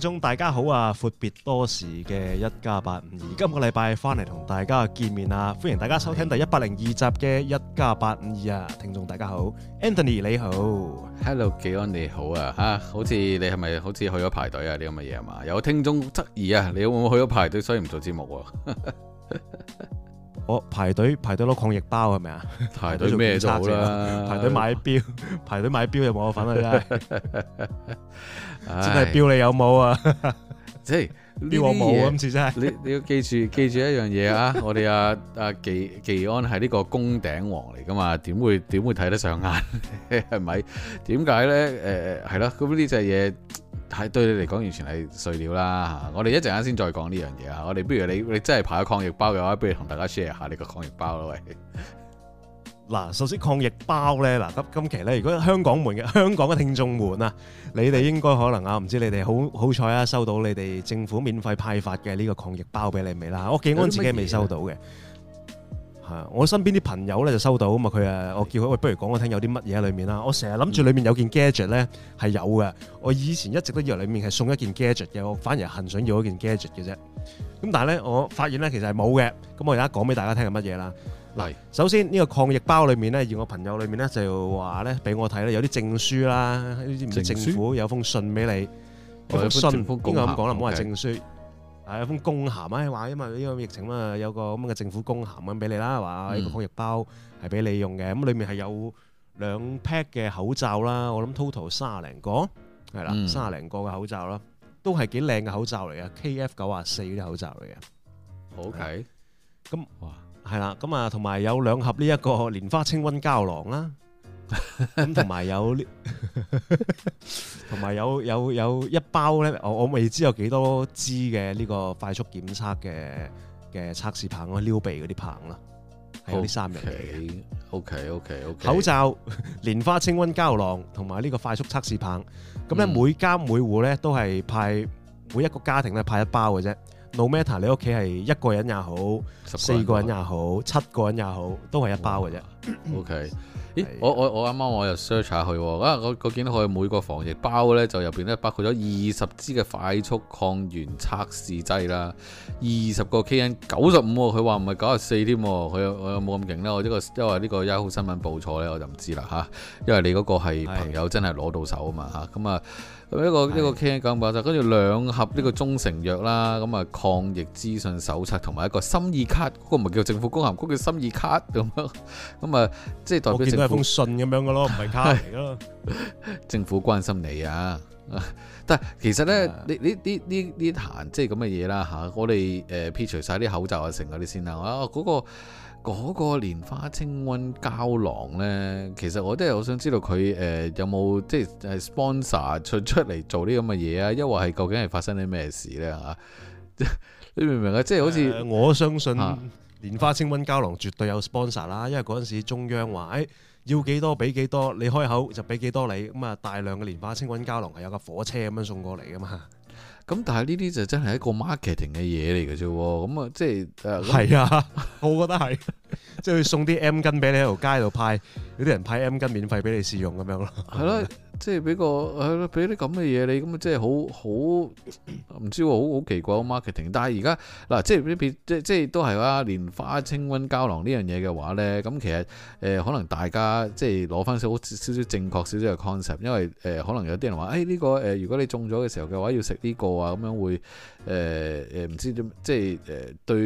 聽眾大家好啊，闊別多時嘅一家八五二，52, 今個禮拜翻嚟同大家見面啊！歡迎大家收聽第一百零二集嘅一家八五二啊！52, 聽眾大家好，Anthony 你好，Hello 紀安你好啊！吓，好似你係咪好似去咗排隊啊？呢咁嘅嘢啊？嘛？有聽眾質疑啊，你有冇去咗排隊，所以唔做節目啊？ 我排隊排隊攞抗疫包係咪啊？是是排隊做咩都好啦，排隊買表， 排隊買表又冇我份啦， 真係表你有冇啊？ 即係錶我冇啊，今次真係你你要記住記住一樣嘢啊！ 我哋啊，阿紀紀安係呢個宮頂王嚟噶嘛？點會點會睇得上眼？係 咪？點解咧？誒、呃，係啦，咁呢隻嘢。係對你嚟講完全係碎料啦嚇！我哋一陣間先再講呢樣嘢啊！我哋不如你你真係派咗抗疫包嘅話，不如同大家 share 下你個抗疫包咯喂！嗱，首先抗疫包咧，嗱今今期咧，如果香港門嘅香港嘅聽眾們啊，你哋應該可能啊，唔知你哋好好彩啊，收到你哋政府免費派發嘅呢個抗疫包俾你未啦？我記我自己未收到嘅。我身邊啲朋友咧就收到啊嘛，佢誒我叫佢喂，不如講我聽有啲乜嘢喺裡面啦。我成日諗住裡面有件 gadget 咧係有嘅，我以前一直都以為裡面係送一件 gadget 嘅，我反而係恨想要一件 gadget 嘅啫。咁但係咧，我發現咧其實係冇嘅。咁我而家講俾大家聽係乜嘢啦？嗱，首先呢個抗疫包裏面咧，而我朋友裏面咧就話咧俾我睇咧，有啲證書啦，呢啲唔知政府有封信俾你，封信邊個咁講啊？唔好話證書。係一封公函啊，話因為呢個疫情嘛，有個咁嘅政府公函咁俾你啦，話呢個抗疫包係俾你用嘅，咁裡面係有兩 pack 嘅口罩啦，我諗 total 三廿零個，係啦，三廿零個嘅口罩啦，都係幾靚嘅口罩嚟嘅，KF94 嗰啲口罩嚟嘅。OK，咁，係啦，咁啊，同埋有兩盒呢一個蓮花清瘟膠囊啦。咁同埋有呢，同埋有有有一包咧，我我未知有幾多支嘅呢個快速檢測嘅嘅測試棒，撩鼻嗰啲棒啦，係有啲三人嚟嘅。O K O K O K，口罩、蓮花清瘟膠囊同埋呢個快速測試棒，咁咧每家每戶咧都係派、嗯、每一個家庭咧派一包嘅啫。No matter、嗯、你屋企係一個人也好，十個人也好，四個人也好，七個人也好，都係一包嘅啫。O K、哦。Okay. 咦，的我我我啱啱我又 search 下佢，啊，我我見到佢每個防疫包咧，就入邊咧包括咗二十支嘅快速抗原測試劑啦，二十個 KN 九十五，佢話唔係九十四添，佢有佢有冇咁勁咧？我呢、這個因為呢個 Yahoo、ah、新聞報錯咧，我就唔知啦嚇、啊，因為你嗰個係朋友真係攞到手啊嘛嚇，咁的啊。一個一個聽咁爆炸，K，跟住兩盒呢個中成藥啦，咁啊抗疫資訊手冊同埋一個心意卡，嗰、嗰個唔係叫政府公函，嗰、嗰個叫心意卡咁，咁啊即係代表政府係封信咁樣嘅咯，唔係卡嚟咯。 政府關心你啊！但係其實咧，呢的你啲啲啲行即係咁嘅嘢啦吓，我哋誒撇除晒啲口罩等等啊成嗰啲先啦，嗰、嗰個。嗰個蓮花清瘟膠囊呢，其實我都係好想知道佢誒有冇即係 sponsor 出嚟做啲咁嘅嘢啊？抑或係究竟係發生啲咩事呢？嚇？ 你明唔明啊？即係好似，呃，我相信蓮花清瘟膠囊絕對有 sponsor 啦，啊、因為嗰陣時中央話誒、哎、要幾多俾幾多，你開口就俾幾多你，咁啊大量嘅蓮花清瘟膠囊係有架火車咁樣送過嚟噶嘛。咁但係呢啲就真係一個 marketing 嘅嘢嚟嘅啫，咁、就是、啊即係，係啊，我覺得係，即係 佢送啲 M 巾俾你喺條街度派，有啲人派 M 巾免費俾你試用咁樣咯，係咯、啊。 即係俾個，係俾啲咁嘅嘢你，咁、嗯、啊即係好好唔知喎，好好奇怪 marketing 但。但係而家嗱，即係呢邊即係都係啦、啊，連花清瘟膠囊呢樣嘢嘅話呢，咁、嗯、其實誒、呃、可能大家即係攞翻少少少，少正確少少嘅 concept，因為誒、呃、可能有啲人話，誒、哎、呢、這個誒、呃、如果你中咗嘅時候嘅話，要食呢、這個啊，咁樣會誒誒唔知點，即係誒、呃、對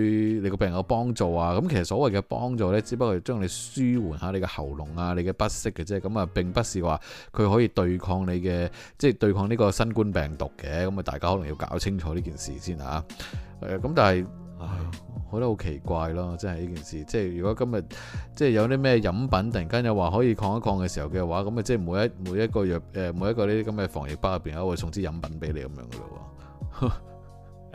你個病人有幫助啊。咁、嗯、其實所謂嘅幫助呢，只不過係將你舒緩下你嘅喉嚨啊，你嘅不適嘅啫，咁、嗯、啊並不是話佢可以對對抗你嘅，即係對抗呢個新冠病毒嘅，咁啊大家可能要搞清楚呢件事先啊。咁但係，我唉覺得好奇怪咯，真係呢件事，即係如果今日即係有啲咩飲品突然間又話可以抗一抗嘅時候嘅話，咁啊即係每一每一個藥誒，每一個呢啲咁嘅防疫包入邊，我會送支飲品俾你咁樣噶咯喎。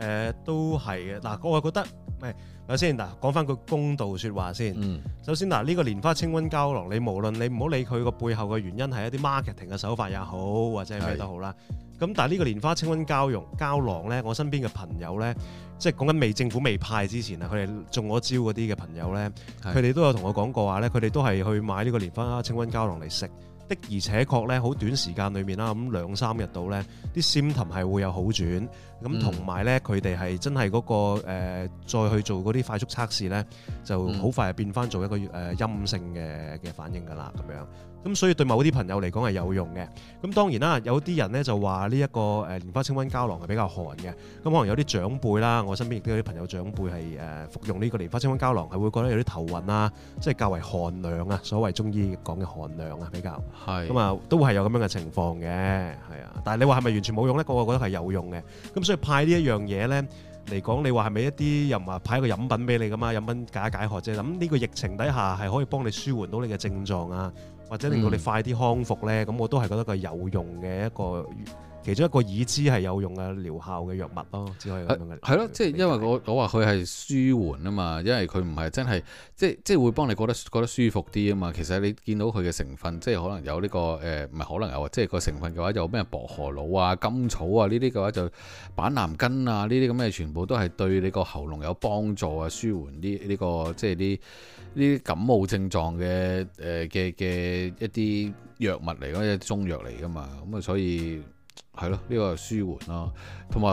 誒、呃、都係嘅，嗱、啊、我係覺得，唔、啊、係，先？嗱、啊，講翻句公道説話、嗯、先。首先嗱，呢、這個蓮花清瘟膠囊，你無論你唔好理佢個背後嘅原因係一啲 marketing 嘅手法也好，或者係咩都好啦。咁是、啊、但係呢個蓮花清瘟膠囊膠囊呢，我身邊嘅朋友呢，即係講緊未政府未派之前啊，佢哋中咗招嗰啲嘅朋友呢，佢哋是都有同我講過話呢佢哋都係去買呢個蓮花清瘟膠囊嚟食的，而且確呢，好短時間裡面啦，咁兩三日到呢，啲癲癇係會有好轉。咁同埋咧，佢哋係真係嗰個誒再去做嗰啲快速測試咧，就好快係變翻做一個誒陰性嘅嘅反應㗎啦，咁樣。咁所以對某啲朋友嚟講係有用嘅。咁當然啦，有啲人咧就話呢一個誒蓮花清瘟膠囊係比較寒嘅，咁可能有啲長輩啦，我身邊亦都有啲朋友長輩係誒服用呢個蓮花清瘟膠囊係會覺得有啲頭暈啊，即係較為寒涼啊，所謂中醫講嘅寒涼啊比較。係。咁啊，都係有咁樣嘅情況嘅，係啊。但係你話係咪完全冇用咧？個個覺得係有用嘅。咁。所以派呢一樣嘢呢，嚟講，你話係咪一啲又唔係派一個飲品俾你㗎嘛？飲品解一解渴啫。咁、這、呢個疫情底下係可以幫你舒緩到你嘅症狀啊，或者令到你快啲康復呢。咁、嗯、我都係覺得佢有用嘅一個。其中一個已知係有用嘅療效嘅藥物咯，只可以咁樣係咯，即係因為我我話佢係舒緩啊嘛，因為佢唔係真係即即會幫你覺得覺得舒服啲啊嘛。其實你見到佢嘅成分，即係可能有呢、這個誒，唔、呃、係可能有即係個成分嘅話有咩薄荷腦啊、甘草啊呢啲嘅話就板藍根啊呢啲咁嘅全部都係對你個喉嚨有幫助啊，舒緩啲呢個即係啲呢啲感冒症狀嘅誒嘅嘅一啲藥物嚟咯，一中藥嚟噶嘛，咁、嗯、啊所以。係咯，呢、這個係舒緩啦，同埋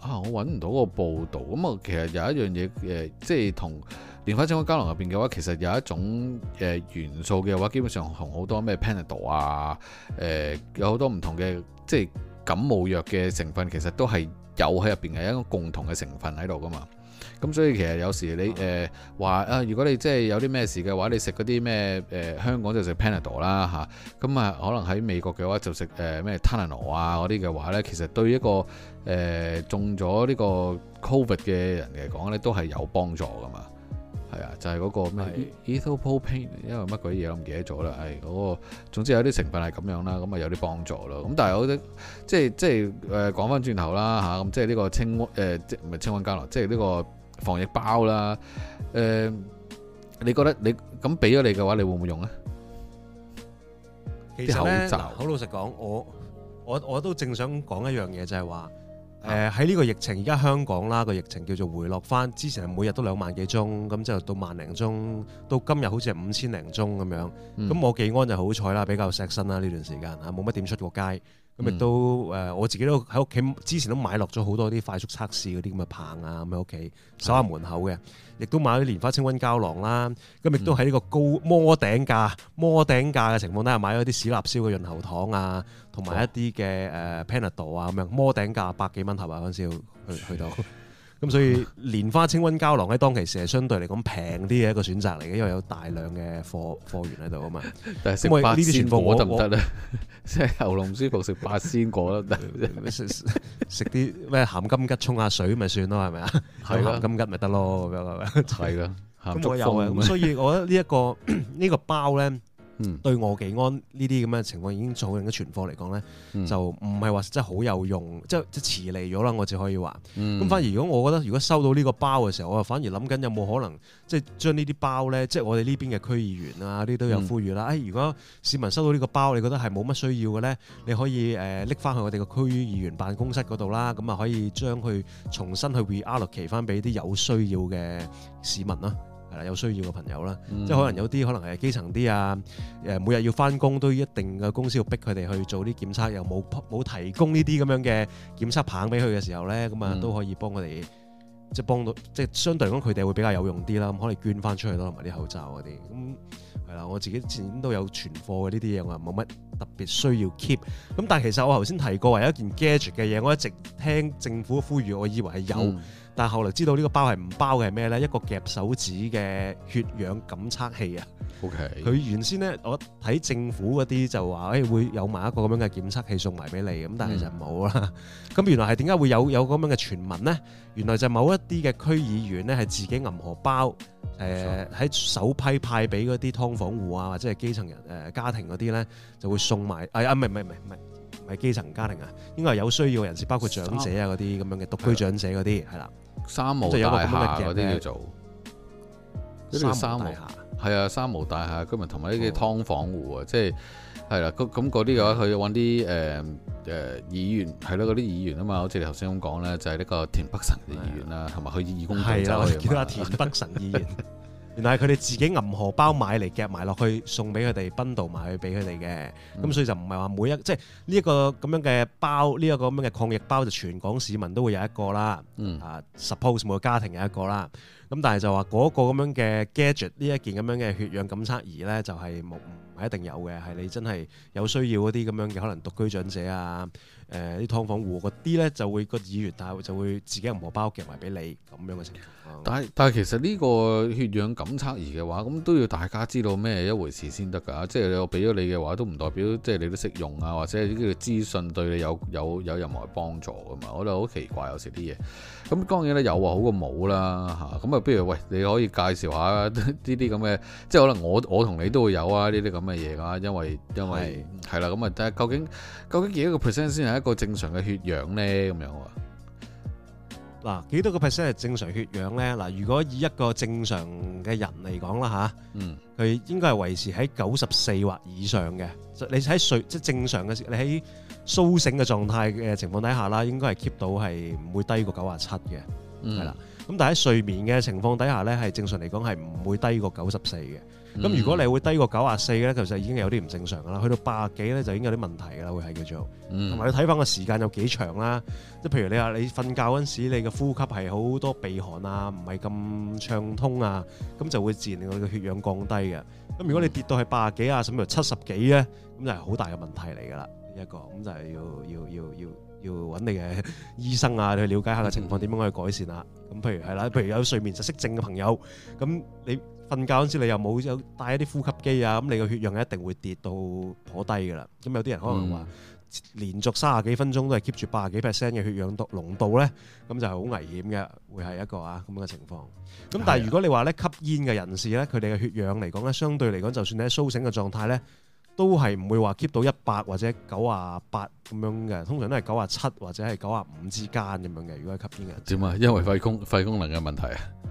啊，我揾唔到個報導。咁、嗯、啊，其實有一樣嘢誒，即係同連花清瘟膠囊入邊嘅話，其實有一種誒、呃、元素嘅話，基本上同好多咩 Panadol 啊，誒、呃、有好多唔同嘅即係感冒藥嘅成分，其實都係有喺入邊嘅一個共同嘅成分喺度㗎嘛。咁所以其實有時你誒話、呃、啊，如果你即係有啲咩事嘅話，你食嗰啲咩誒香港就食 Panadol 啦、啊、嚇，咁啊可能喺美國嘅話就食誒咩 Tylenol 啊嗰啲嘅話咧，其實對一個誒、呃、中咗呢個 COVID 嘅人嚟講咧，都係有幫助噶嘛。係啊，就係、是、嗰個咩 ethyl p a i n e Pain，因為乜鬼嘢我唔記得咗啦。係嗰、那個，總之有啲成分係咁樣啦，咁啊有啲幫助咯。咁但係我覺得即係即係誒講翻轉頭啦吓，咁即係呢個清瘟即係唔係清瘟膠囊，即係呢、呃呃呃呃、個防疫包啦。誒、呃，你覺得你咁俾咗你嘅話，你會唔會用啊？其實口罩好老實講，我我我都正想講一樣嘢，就係話。誒喺呢個疫情，而家香港啦、這個疫情叫做回落翻，之前係每日都兩萬幾宗，咁就到萬零宗，到今日好似係五千零宗咁樣。咁、嗯、我記安就好彩啦，比較錫身啦呢段時間啊，冇乜點出過街。咁亦都誒、嗯呃，我自己都喺屋企之前都買落咗好多啲快速測試嗰啲咁嘅棒啊，咁喺屋企守下門口嘅。亦都買咗啲蓮花清瘟膠囊啦。咁亦都喺呢個高摩頂價、摩頂價嘅情況底下買咗啲使立消嘅潤喉糖啊，同埋一啲嘅誒 Panadol 啊咁樣。摩頂價百幾蚊頭啊，嗰陣時去去到。 咁所以蓮花清瘟膠囊喺當其時係相對嚟講平啲嘅一個選擇嚟嘅，因為有大量嘅貨貨源喺度啊嘛。但我呢啲全服得唔得咧？即係喉嚨唔舒服食八仙果咯，食食啲咩鹹金桔沖下水咪算咯，係咪啊？係咯， 鹹金桔咪得咯，咁樣係咪？係咯，鹹竹貨。咁所以我覺得呢一個呢、呢個包咧。嗯、對我幾安呢啲咁樣情況已經儲緊嘅存貨嚟講咧，嗯、就唔係話真係好有用，即係即係遲嚟咗啦。我只可以話，咁、嗯、反而如果我覺得如果收到呢個包嘅時候，我啊反而諗緊有冇可能即係將呢啲包咧，即係我哋呢邊嘅區議員啊呢都有呼籲啦。誒、嗯，如果市民收到呢個包，你覺得係冇乜需要嘅咧，你可以誒拎翻去我哋個區議員辦公室嗰度啦，咁啊可以將佢重新去 reallocate 翻俾啲有需要嘅市民啦、啊。係啦，有需要嘅朋友啦，嗯、即係可能有啲可能係基層啲啊，誒每日要翻工，都要一定嘅公司要逼佢哋去做啲檢測，又冇冇提供呢啲咁樣嘅檢測棒俾佢嘅時候咧，咁啊都可以幫佢哋，嗯、即係幫到，即係相對嚟講佢哋會比較有用啲啦。咁可能捐翻出去咯，同埋啲口罩嗰啲，咁係啦，我自己前都有存貨嘅呢啲嘢，我冇乜特別需要 keep，咁但係其實我頭先提過有一件 gadget 嘅嘢，我一直聽政府呼籲，我以為係有，嗯、但係後嚟知道呢個包係唔包嘅咩呢？一個夾手指嘅血氧檢測器啊，OK，佢原先呢，我睇政府嗰啲就話，誒、欸、會有埋一個咁樣嘅檢測器送埋俾你咁，但係就冇啦。咁、嗯、原來係點解會有有咁樣嘅傳聞呢？原來就某一啲嘅區議員呢，係自己銀河包，誒喺首批派俾嗰啲劏房戶啊或者係基層人誒、呃、家庭嗰啲呢。就會。埋，誒啊，唔係唔係唔係唔係基層家庭啊，應該係有需要嘅人士，包括長者啊嗰啲咁樣嘅獨居長者嗰啲，係啦了，三無大廈嗰啲叫做，嗰啲三無，係啊，三無大廈，佢咪同埋呢啲劏房戶啊，即係係啦，咁嗰啲嘅話，佢搵啲誒誒議員，係咯，嗰啲議員啊嘛，好似你頭先咁講咧，就係、是、呢個田北辰嘅議員啦，同埋佢二公。係啊，我見到阿田北辰議員。原來係佢哋自己揞荷包買嚟夾埋落去送俾佢哋，分道埋去俾佢哋嘅。咁、嗯、所以就唔係話每一，即係呢一個咁樣嘅包，呢、呢、一個咁樣嘅抗疫包，就全港市民都會有一個啦。嗯，啊，suppose 每個家庭有一個啦。咁但係就話嗰個咁樣嘅 gadget，呢一件咁樣嘅血氧檢測儀咧，就係冇唔係一定有嘅，係你真係有需要嗰啲咁樣嘅，可能獨居長者啊。誒啲劏房戶嗰啲咧，就會、那個議員帶就會自己唔冇包夾埋俾你咁樣嘅情況。但係但係其實呢個血氧檢測儀嘅話，咁都要大家知道咩一回事先得㗎。即係我俾咗你嘅話，都唔代表即係你都識用啊，或者呢啲資訊對你有有有，有任何幫助㗎嘛？我覺得好奇怪有時啲嘢。咁當然咧有，有啊，好過冇啦嚇。咁啊，不如喂你可以介紹下呢啲咁嘅，即係可能我我同你都會有啊呢啲咁嘅嘢㗎，因為因為係啦。咁啊是、嗯嗯，但係究竟究竟幾多個 percent 先係？一個正常嘅血氧咧咁樣，嗱，幾多個 percent 係正常血氧咧？嗱，如果以一個正常嘅人嚟講啦吓，嗯，佢應該係維持喺九十四或以上嘅。你喺睡即係正常嘅，你喺蘇醒嘅狀態嘅情況底下啦，應該係 keep 到係唔會低過九十七嘅，係啦。咁但係喺睡眠嘅情況底下咧，係正常嚟講係唔會低過九十四嘅。咁、嗯、如果你會低過九十四咧，其實已經有啲唔正常噶啦，去到八十幾咧就已經有啲問題噶啦，會係叫做，同埋你睇翻個時間有幾長啦，即係譬如你話你瞓覺嗰陣時，你嘅呼吸係好多鼻鼾啊，唔係咁暢通啊，咁就會自然令到你嘅血氧降低嘅。咁如果你跌到係八十幾啊，甚至七十幾咧，咁就係好大嘅問題嚟噶啦，一個咁就係要要要要要搵你嘅醫生啊去了解下個情況點樣去改善啦、啊。咁譬如係啦，譬如有睡眠窒息症嘅朋友，咁你。瞓覺嗰陣時，你又冇有帶一啲呼吸機啊？咁你個血氧一定會跌到頗低嘅啦。咁有啲人可能話連續三十幾分鐘都係 keep 住八十幾 percent 嘅血氧濃度咧，咁就係好危險嘅，會係一個啊咁樣嘅情況。咁但係如果你話咧，吸煙嘅人士咧，佢哋嘅血氧嚟講咧，相對嚟講，就算喺甦醒嘅狀態咧，都係唔會話 keep 到一百或者九啊八咁樣嘅，通常都係九啊七或者係九啊五之間咁樣嘅。如果係吸煙嘅人，點啊，因為肺功肺功能嘅問題啊。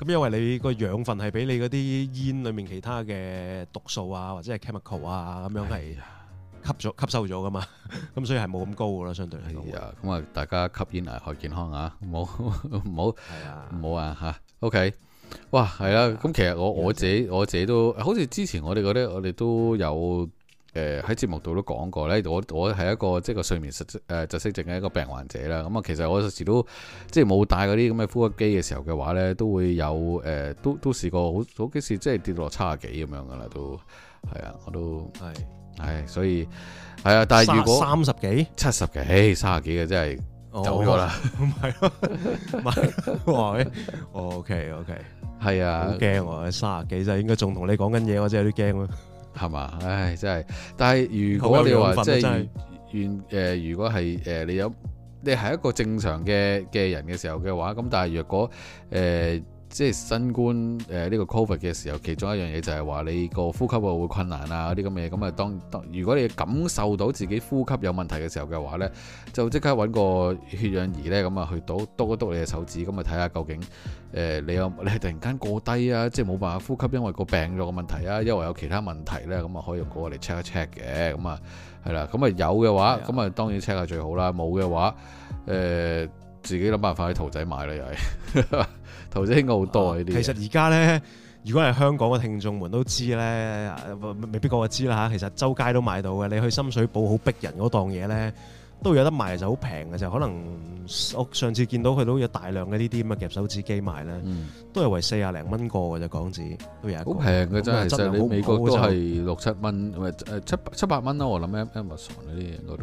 咁因為你個養分係畀你嗰啲煙裡面其他嘅毒素啊，或者係 chemical 啊咁樣係吸咗吸收咗噶、哎、呀嘛，咁、 嗯、所以係冇咁高噶啦，相對嚟講係啊，咁啊、哎，大家吸煙危害健康啊，唔好，好，唔好唔好唔好啊吓 OK，哇係啊，咁其實我、哎、呀我自己我自己都好似之前我哋嗰啲我哋都有。誒，喺節、呃、目度都講過咧，我我係一個即係個睡眠實誒窒息症嘅一個病患者啦。咁、嗯、啊，其實我有時都即係冇帶嗰啲咁嘅呼吸機嘅時候嘅話咧，都會有誒、呃，都都試過好好幾次，即係跌落七十幾咁樣噶啦，都係啊，我都係係是，所以係啊。但係如果三十幾、七十幾、三十幾嘅，真係、oh, 走咗了啦，唔係咯，唔係，我話你，O K O K，係啊，好驚啊，三十幾就應該仲同你講緊嘢，我真係有啲驚咯。係嘛？唉，真係。但係如果你話即係是原誒、呃，如果係誒、呃，你有你係一個正常嘅嘅人嘅時候嘅話，咁但係若果誒。呃即係新冠誒呢個 Covid 嘅時候，其中一樣嘢就係話你個呼吸啊會困難啊嗰啲咁嘅嘢，咁啊。當當如果你感受到自己呼吸有問題嘅時候嘅話呢，就即刻揾個血氧儀呢，咁啊去到篤一篤你嘅手指，咁啊睇下究竟誒、呃、你有你係突然間過低啊，即係冇辦法呼吸，因為個病咗個問題啊，因為有其他問題呢，咁啊可以用嗰個嚟 check 一 check 嘅，咁啊係啦。咁啊有嘅話，咁啊的當然 check 下最好啦。冇嘅話誒、呃，自己諗辦法喺淘仔買啦又係。 頭先啲嘢好多啲，其實而家咧，如果係香港嘅聽眾們都知咧，未必個個知啦嚇。其實周街都買到嘅，你去深水埗好逼人嗰檔嘢咧，都有得賣，就係好平嘅就係。可能我上次見到佢都有大量嘅呢啲咁嘅夾手指機賣咧，都係為四廿零蚊個嘅就港紙，好平嘅真係。其實你美國都係六七蚊，誒誒七七百蚊咯，我諗 Amazon 嗰啲人都。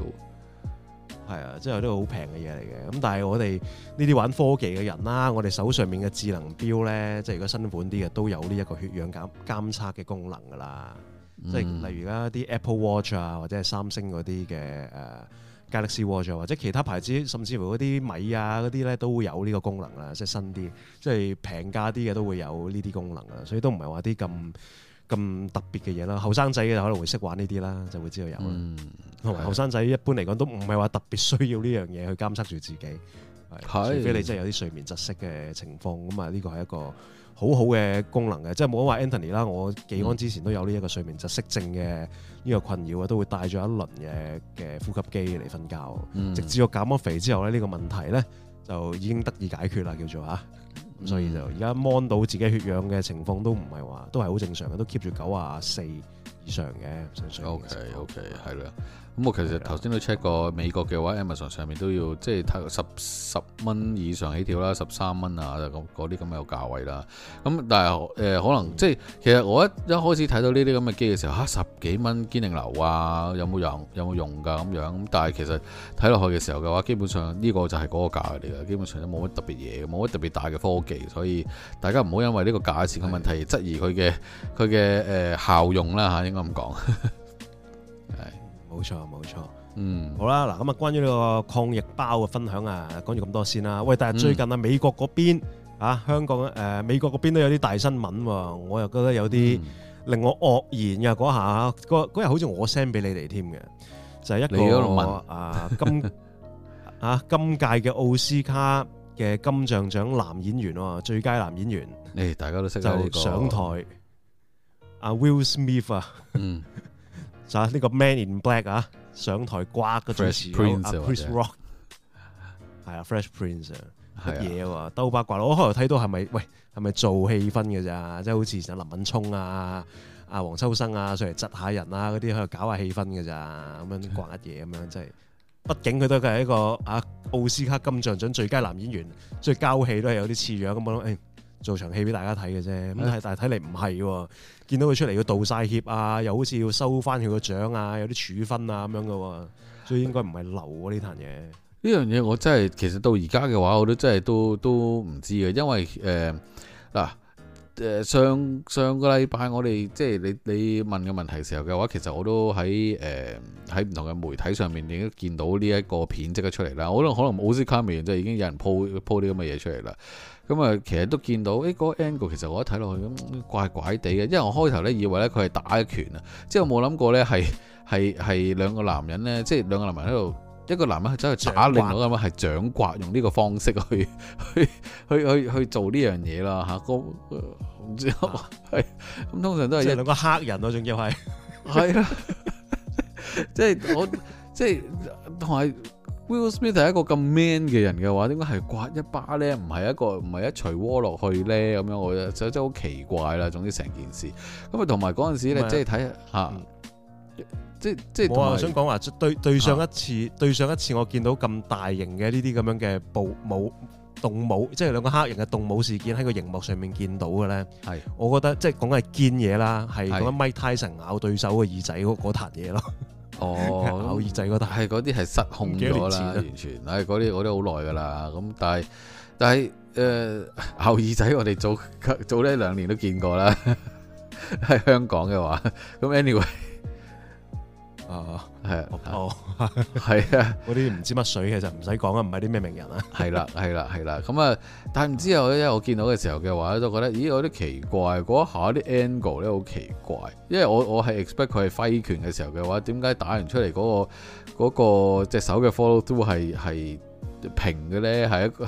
係啊，即係有啲好平嘅嘢嚟嘅。咁但係我哋呢啲玩科技嘅人啦、啊，我哋手上面嘅智能表呢，即係如果新款啲嘅都有呢一個血氧監監測嘅功能㗎啦。即係、嗯、例如而家啲 Apple Watch 啊，或者係三星嗰啲嘅 Galaxy Watch 啊，或者其他牌子，甚至乎嗰啲米啊嗰啲呢，都會有呢個功能啦。即係新啲，即係平價啲嘅都會有呢啲功能啦。所以都唔係話啲咁，嗯咁特別嘅嘢啦，後生仔嘅可能會識玩呢啲啦，就會知道有啦。同埋後生仔一般嚟講都唔係話特別需要呢樣嘢去監測住自己，的除非你真係有啲睡眠窒息嘅情況。咁啊，呢個係一個好好嘅功能嘅，即係冇講話 Anthony 啦，我記安之前都有呢一個睡眠窒息症嘅呢個困擾啊，都會帶咗一輪嘅嘅呼吸機嚟瞓覺，嗯、直至我減咗肥之後呢，呢、呢個問題呢就已經得以解決啦，叫做嚇、啊。嗯、所以就而家望到自己血氧嘅情況都唔係話，都係好正常嘅，都 keep 住九啊四以上嘅正常。O K O K 係啦。Okay, okay, 的咁我其實頭先都 check 過美國嘅話，Amazon 上面都要即係睇十十蚊以上起跳啦，十三蚊啊，咁嗰啲咁嘅價位啦。咁但係誒、呃、可能即係其實我一一開始睇到呢啲咁嘅機嘅時候，吓、啊，十幾蚊堅定流啊，有冇用有冇用㗎咁樣？咁但係其實睇落去嘅時候嘅話，基本上呢個就係嗰個價嚟㗎，基本上都冇乜特別嘢，冇乜特別大嘅科技，所以大家唔好因為呢個價錢嘅問題而是的 質疑佢嘅佢嘅誒效用啦嚇，應該咁講 冇錯冇錯，錯錯，嗯，好啦，嗱咁啊，關於呢個抗疫包嘅分享啊，講住咁多先啦、啊。喂，但係最近啊，美國嗰邊、嗯、啊，香港誒、呃，美國嗰邊都有啲大新聞喎、啊，我又覺得有啲令我愕然嘅嗰下，嗰日好似我 send 俾你哋添嘅，就係、是、一個啊金啊今屆嘅奧斯卡嘅金像獎男演員喎、啊，最佳男演員，誒、哎，大家都識就上台，阿、嗯、Will Smith 啊，嗯。就呢、啊呢個 Man in Black 啊，上台刮嘅最時啊 Chris Rock，係啊，Fresh Prince 啊，乜嘢喎？兜八卦咯，我開頭睇到係咪？喂，係咪做氣氛㗎咋？即、就、係、是、好似林敏聰啊、阿、啊、黃秋生啊上嚟窒下人啊，嗰啲喺度搞下氣氛㗎咋？咁樣刮嘢咁樣，真、就、係、是。 畢竟佢都係一個啊奧斯卡金像獎最佳男演員，所以交戲都係有啲似樣咁咯。嗯哎做場戲俾大家睇嘅啫，但係睇嚟唔係喎，見到佢出嚟要道晒歉啊，又好似要收翻佢個獎啊，有啲處分啊咁樣噶、啊，所以應該唔係流呢壇嘢。呢樣嘢我真係，其實到而家嘅話，我都真係都都唔知嘅，因為誒嗱，誒、呃呃、上上個禮拜我哋即係你你問嘅問題時候嘅話，其實我都喺誒喺唔同嘅媒體上面已經見到呢一個片即刻出嚟啦，可能可能奧斯卡未完就已經有人鋪鋪啲咁嘅嘢出嚟啦。咁啊，其實都見到誒嗰個 angle，其實我一睇落去咁怪怪地嘅，因為我開頭咧以為咧佢係打一拳啊，即係我冇諗過咧係係係兩個男人咧，即、就、係、是、兩個男人喺度，一個男人喺度掌摑，另外一個咁樣係掌摑，用呢個方式去去去去去，去做呢樣嘢啦吓，個、啊、唔知係，咁、啊、 通常都係兩個黑人咯、啊，仲要係係啦，即 係、 就是、我即係同埋。就是 Will Smith 係一個咁 man 嘅人嘅話，點解係刮一巴咧？唔係一個唔係一錘鍋落去咧？咁樣我覺得，真係好奇怪啦！總之成件事咁啊，同埋嗰陣時咧，即係睇下，即即我係想講話對對上一次對上一次，啊、一次我見到咁大型嘅呢啲咁樣嘅暴武動武，即係兩個黑人嘅動武事件喺個熒幕上面見到嘅咧，係是我覺得即係講緊係堅嘢啦，係嗰個 Mike Tyson 咬對手嘅耳仔嗰壇嘢咯。是 哦，牛耳仔嗰啲係啲係失控咗啦，完全，唉嗰啲我都好耐噶啦，咁但係但係誒牛耳仔我哋早早呢兩年都見過啦，喺 香港嘅話，咁 anyway，啊、哦。係，哦，係啊，嗰啲唔知乜水嘅就唔使講啊，唔係啲咩名人 啊。係啦、啊，係啦，係啦，咁啊，但係唔知啊，因為我見到嘅時候嘅話咧，就覺得咦，有啲奇怪，嗰下啲 angle 咧好奇怪，因為我我係 expect 佢係揮拳嘅時候嘅話，點解打完出嚟嗰、嗰個嗰、嗰個隻、嗰個、手嘅 follow 都 through 係係平嘅咧？係一個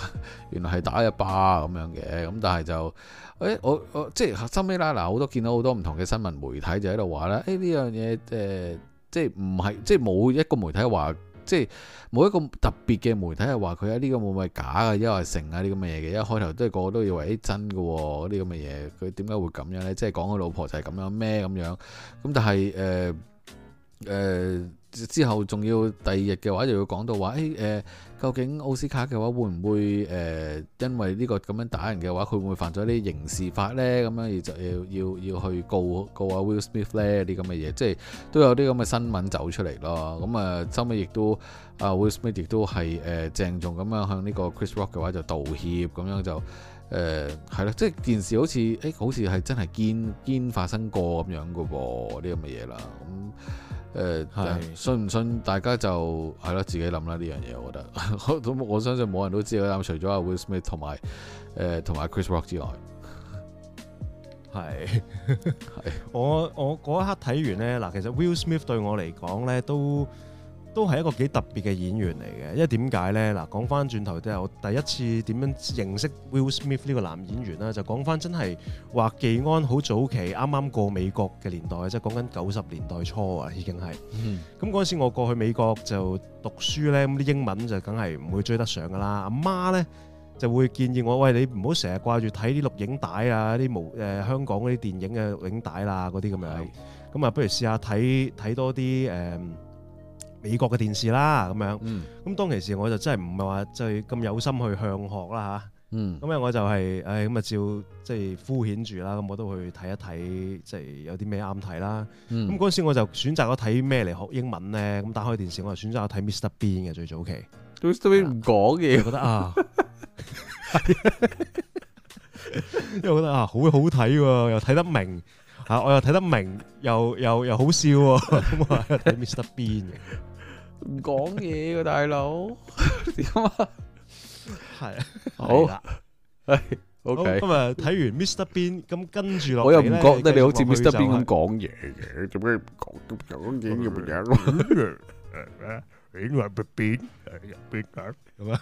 原來係打一巴咁樣嘅，咁但係就誒、欸、我我即係收尾啦，嗱好多見到好多唔同嘅新聞媒體就喺度話咧，誒、欸、呢樣嘢誒。呃即係唔係，即係冇一個媒體話，即係冇一個特別嘅媒體係話佢喺呢個會唔會係假嘅，一係成啊呢啲咁嘅嘢嘅，一開頭都係個個都以為真嘅、哦，嗰啲咁嘅嘢，佢點解會咁樣呢？即係講佢老婆就係咁樣咩咁樣，咁但係誒誒。呃呃之後仲要第二日嘅話，就要講到話，誒、欸、誒、呃，究竟奧斯卡嘅話會唔會誒、呃，因為呢個咁樣打人嘅話，佢會唔會犯咗啲刑事法咧？咁樣而就要要要去告告阿 Will Smith 咧？啲咁嘅嘢，即係都有啲咁嘅新聞走出嚟咯。咁、嗯、啊，後尾亦都阿 Will Smith 亦都係誒鄭重咁樣向呢個 Chris Rock 嘅話就道歉，咁樣就誒係咯。即係件事好似誒、欸，好似係真係堅堅發生過咁樣嘅噃，啲咁嘅嘢啦。誒係、呃、是信唔信？大家就係啦，自己諗啦呢樣嘢。我覺得， 我相信冇人都知啦。除咗阿 Will Smith 同埋誒同阿 Chris Rock 之外，係係。我我嗰一刻睇完咧，嗱，其實 Will Smith 對我嚟講咧都。都係一個幾特別嘅演員嚟嘅，因為點解呢？嗱，講翻轉頭都係我第一次點樣認識 Will Smith 呢個男演員啦，就講翻真係話，技安好早期啱啱過美國嘅年代，即係講緊九十年代初啊，已經係。嗯。咁嗰陣時我過去美國就讀書呢，咁啲英文就梗係唔會追得上噶啦。阿媽呢就會建議我，喂，你唔好成日掛住睇啲錄影帶啊，啲無誒香港嗰啲電影嘅錄影帶啦，嗰啲咁樣。咁啊，不如試下睇睇多啲誒，美國嘅電視啦，咁樣，咁、嗯、當其時我就真係唔係話即係咁有心去向學啦嚇，咁咧、嗯、我就係、是，唉、哎，咁啊照即係、就是、敷衍住啦，咁我都去睇一睇，即、就、係、是、有啲咩啱睇啦。咁嗰陣時我就選擇咗睇咩嚟學英文咧，咁打開電視我就選擇睇 Mr Bean 嘅最早期，Mr Bean 唔講嘢， 覺得啊，因為覺得啊好好睇喎，又睇得明。嚇！我又睇得明，又又又好笑喎。咁啊，睇 Mr. Bean。唔講嘢喎，大佬。點啊？係啊。好啦。O K。咁啊，睇完 Mr. Bean，咁跟住落嚟我又唔覺得你好似 Mr. Bean 咁講嘢嘅，做咩？唔講都唔講嘢，唔講喎？變唔變？係 啊樂，變、嗯、啊，咁啊，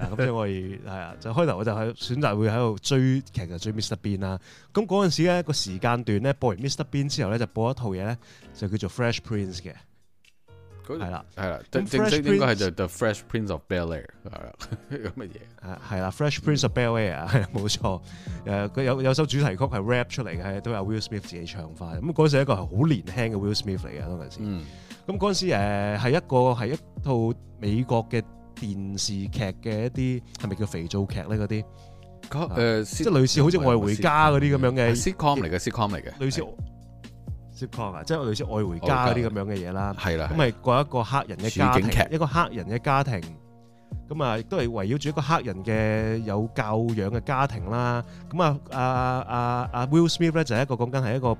咁所以我以係啊，就開頭我就喺選擇會喺度追劇就追 Mr. Bean 啦。咁嗰陣時咧個時間段咧播完 Mr. Bean 之後咧就播一套嘢咧就叫做 Fresh Prince 嘅，係啦係啦。正式應該係就 The Fresh Prince of Bel Air 啊，咁乜嘢啊係啦，Fresh Prince of Bel Air 啊，冇錯。誒，佢有有首主題曲係 rap 出嚟嘅，都係 Will Smith 自己唱翻。咁嗰時一個係好年輕嘅 Will Smith 嚟嘅嗰陣時。咁嗰陣時，誒係一個係一套美國嘅電視劇嘅一啲，係咪叫肥皂劇咧？嗰啲，誒即係類似好似《愛回家》嗰啲咁樣嘅 sitcom 嚟嘅，類似 sitcom 啊，即係類似《愛回家》嗰啲咁樣嘅嘢啦。係啦，咁係講一個黑人嘅家庭，一個黑人嘅家庭。咁啊，亦都係圍繞住一個黑人嘅有教養嘅家庭啦。咁啊，阿阿阿 Will Smith 咧就係一個講緊係一個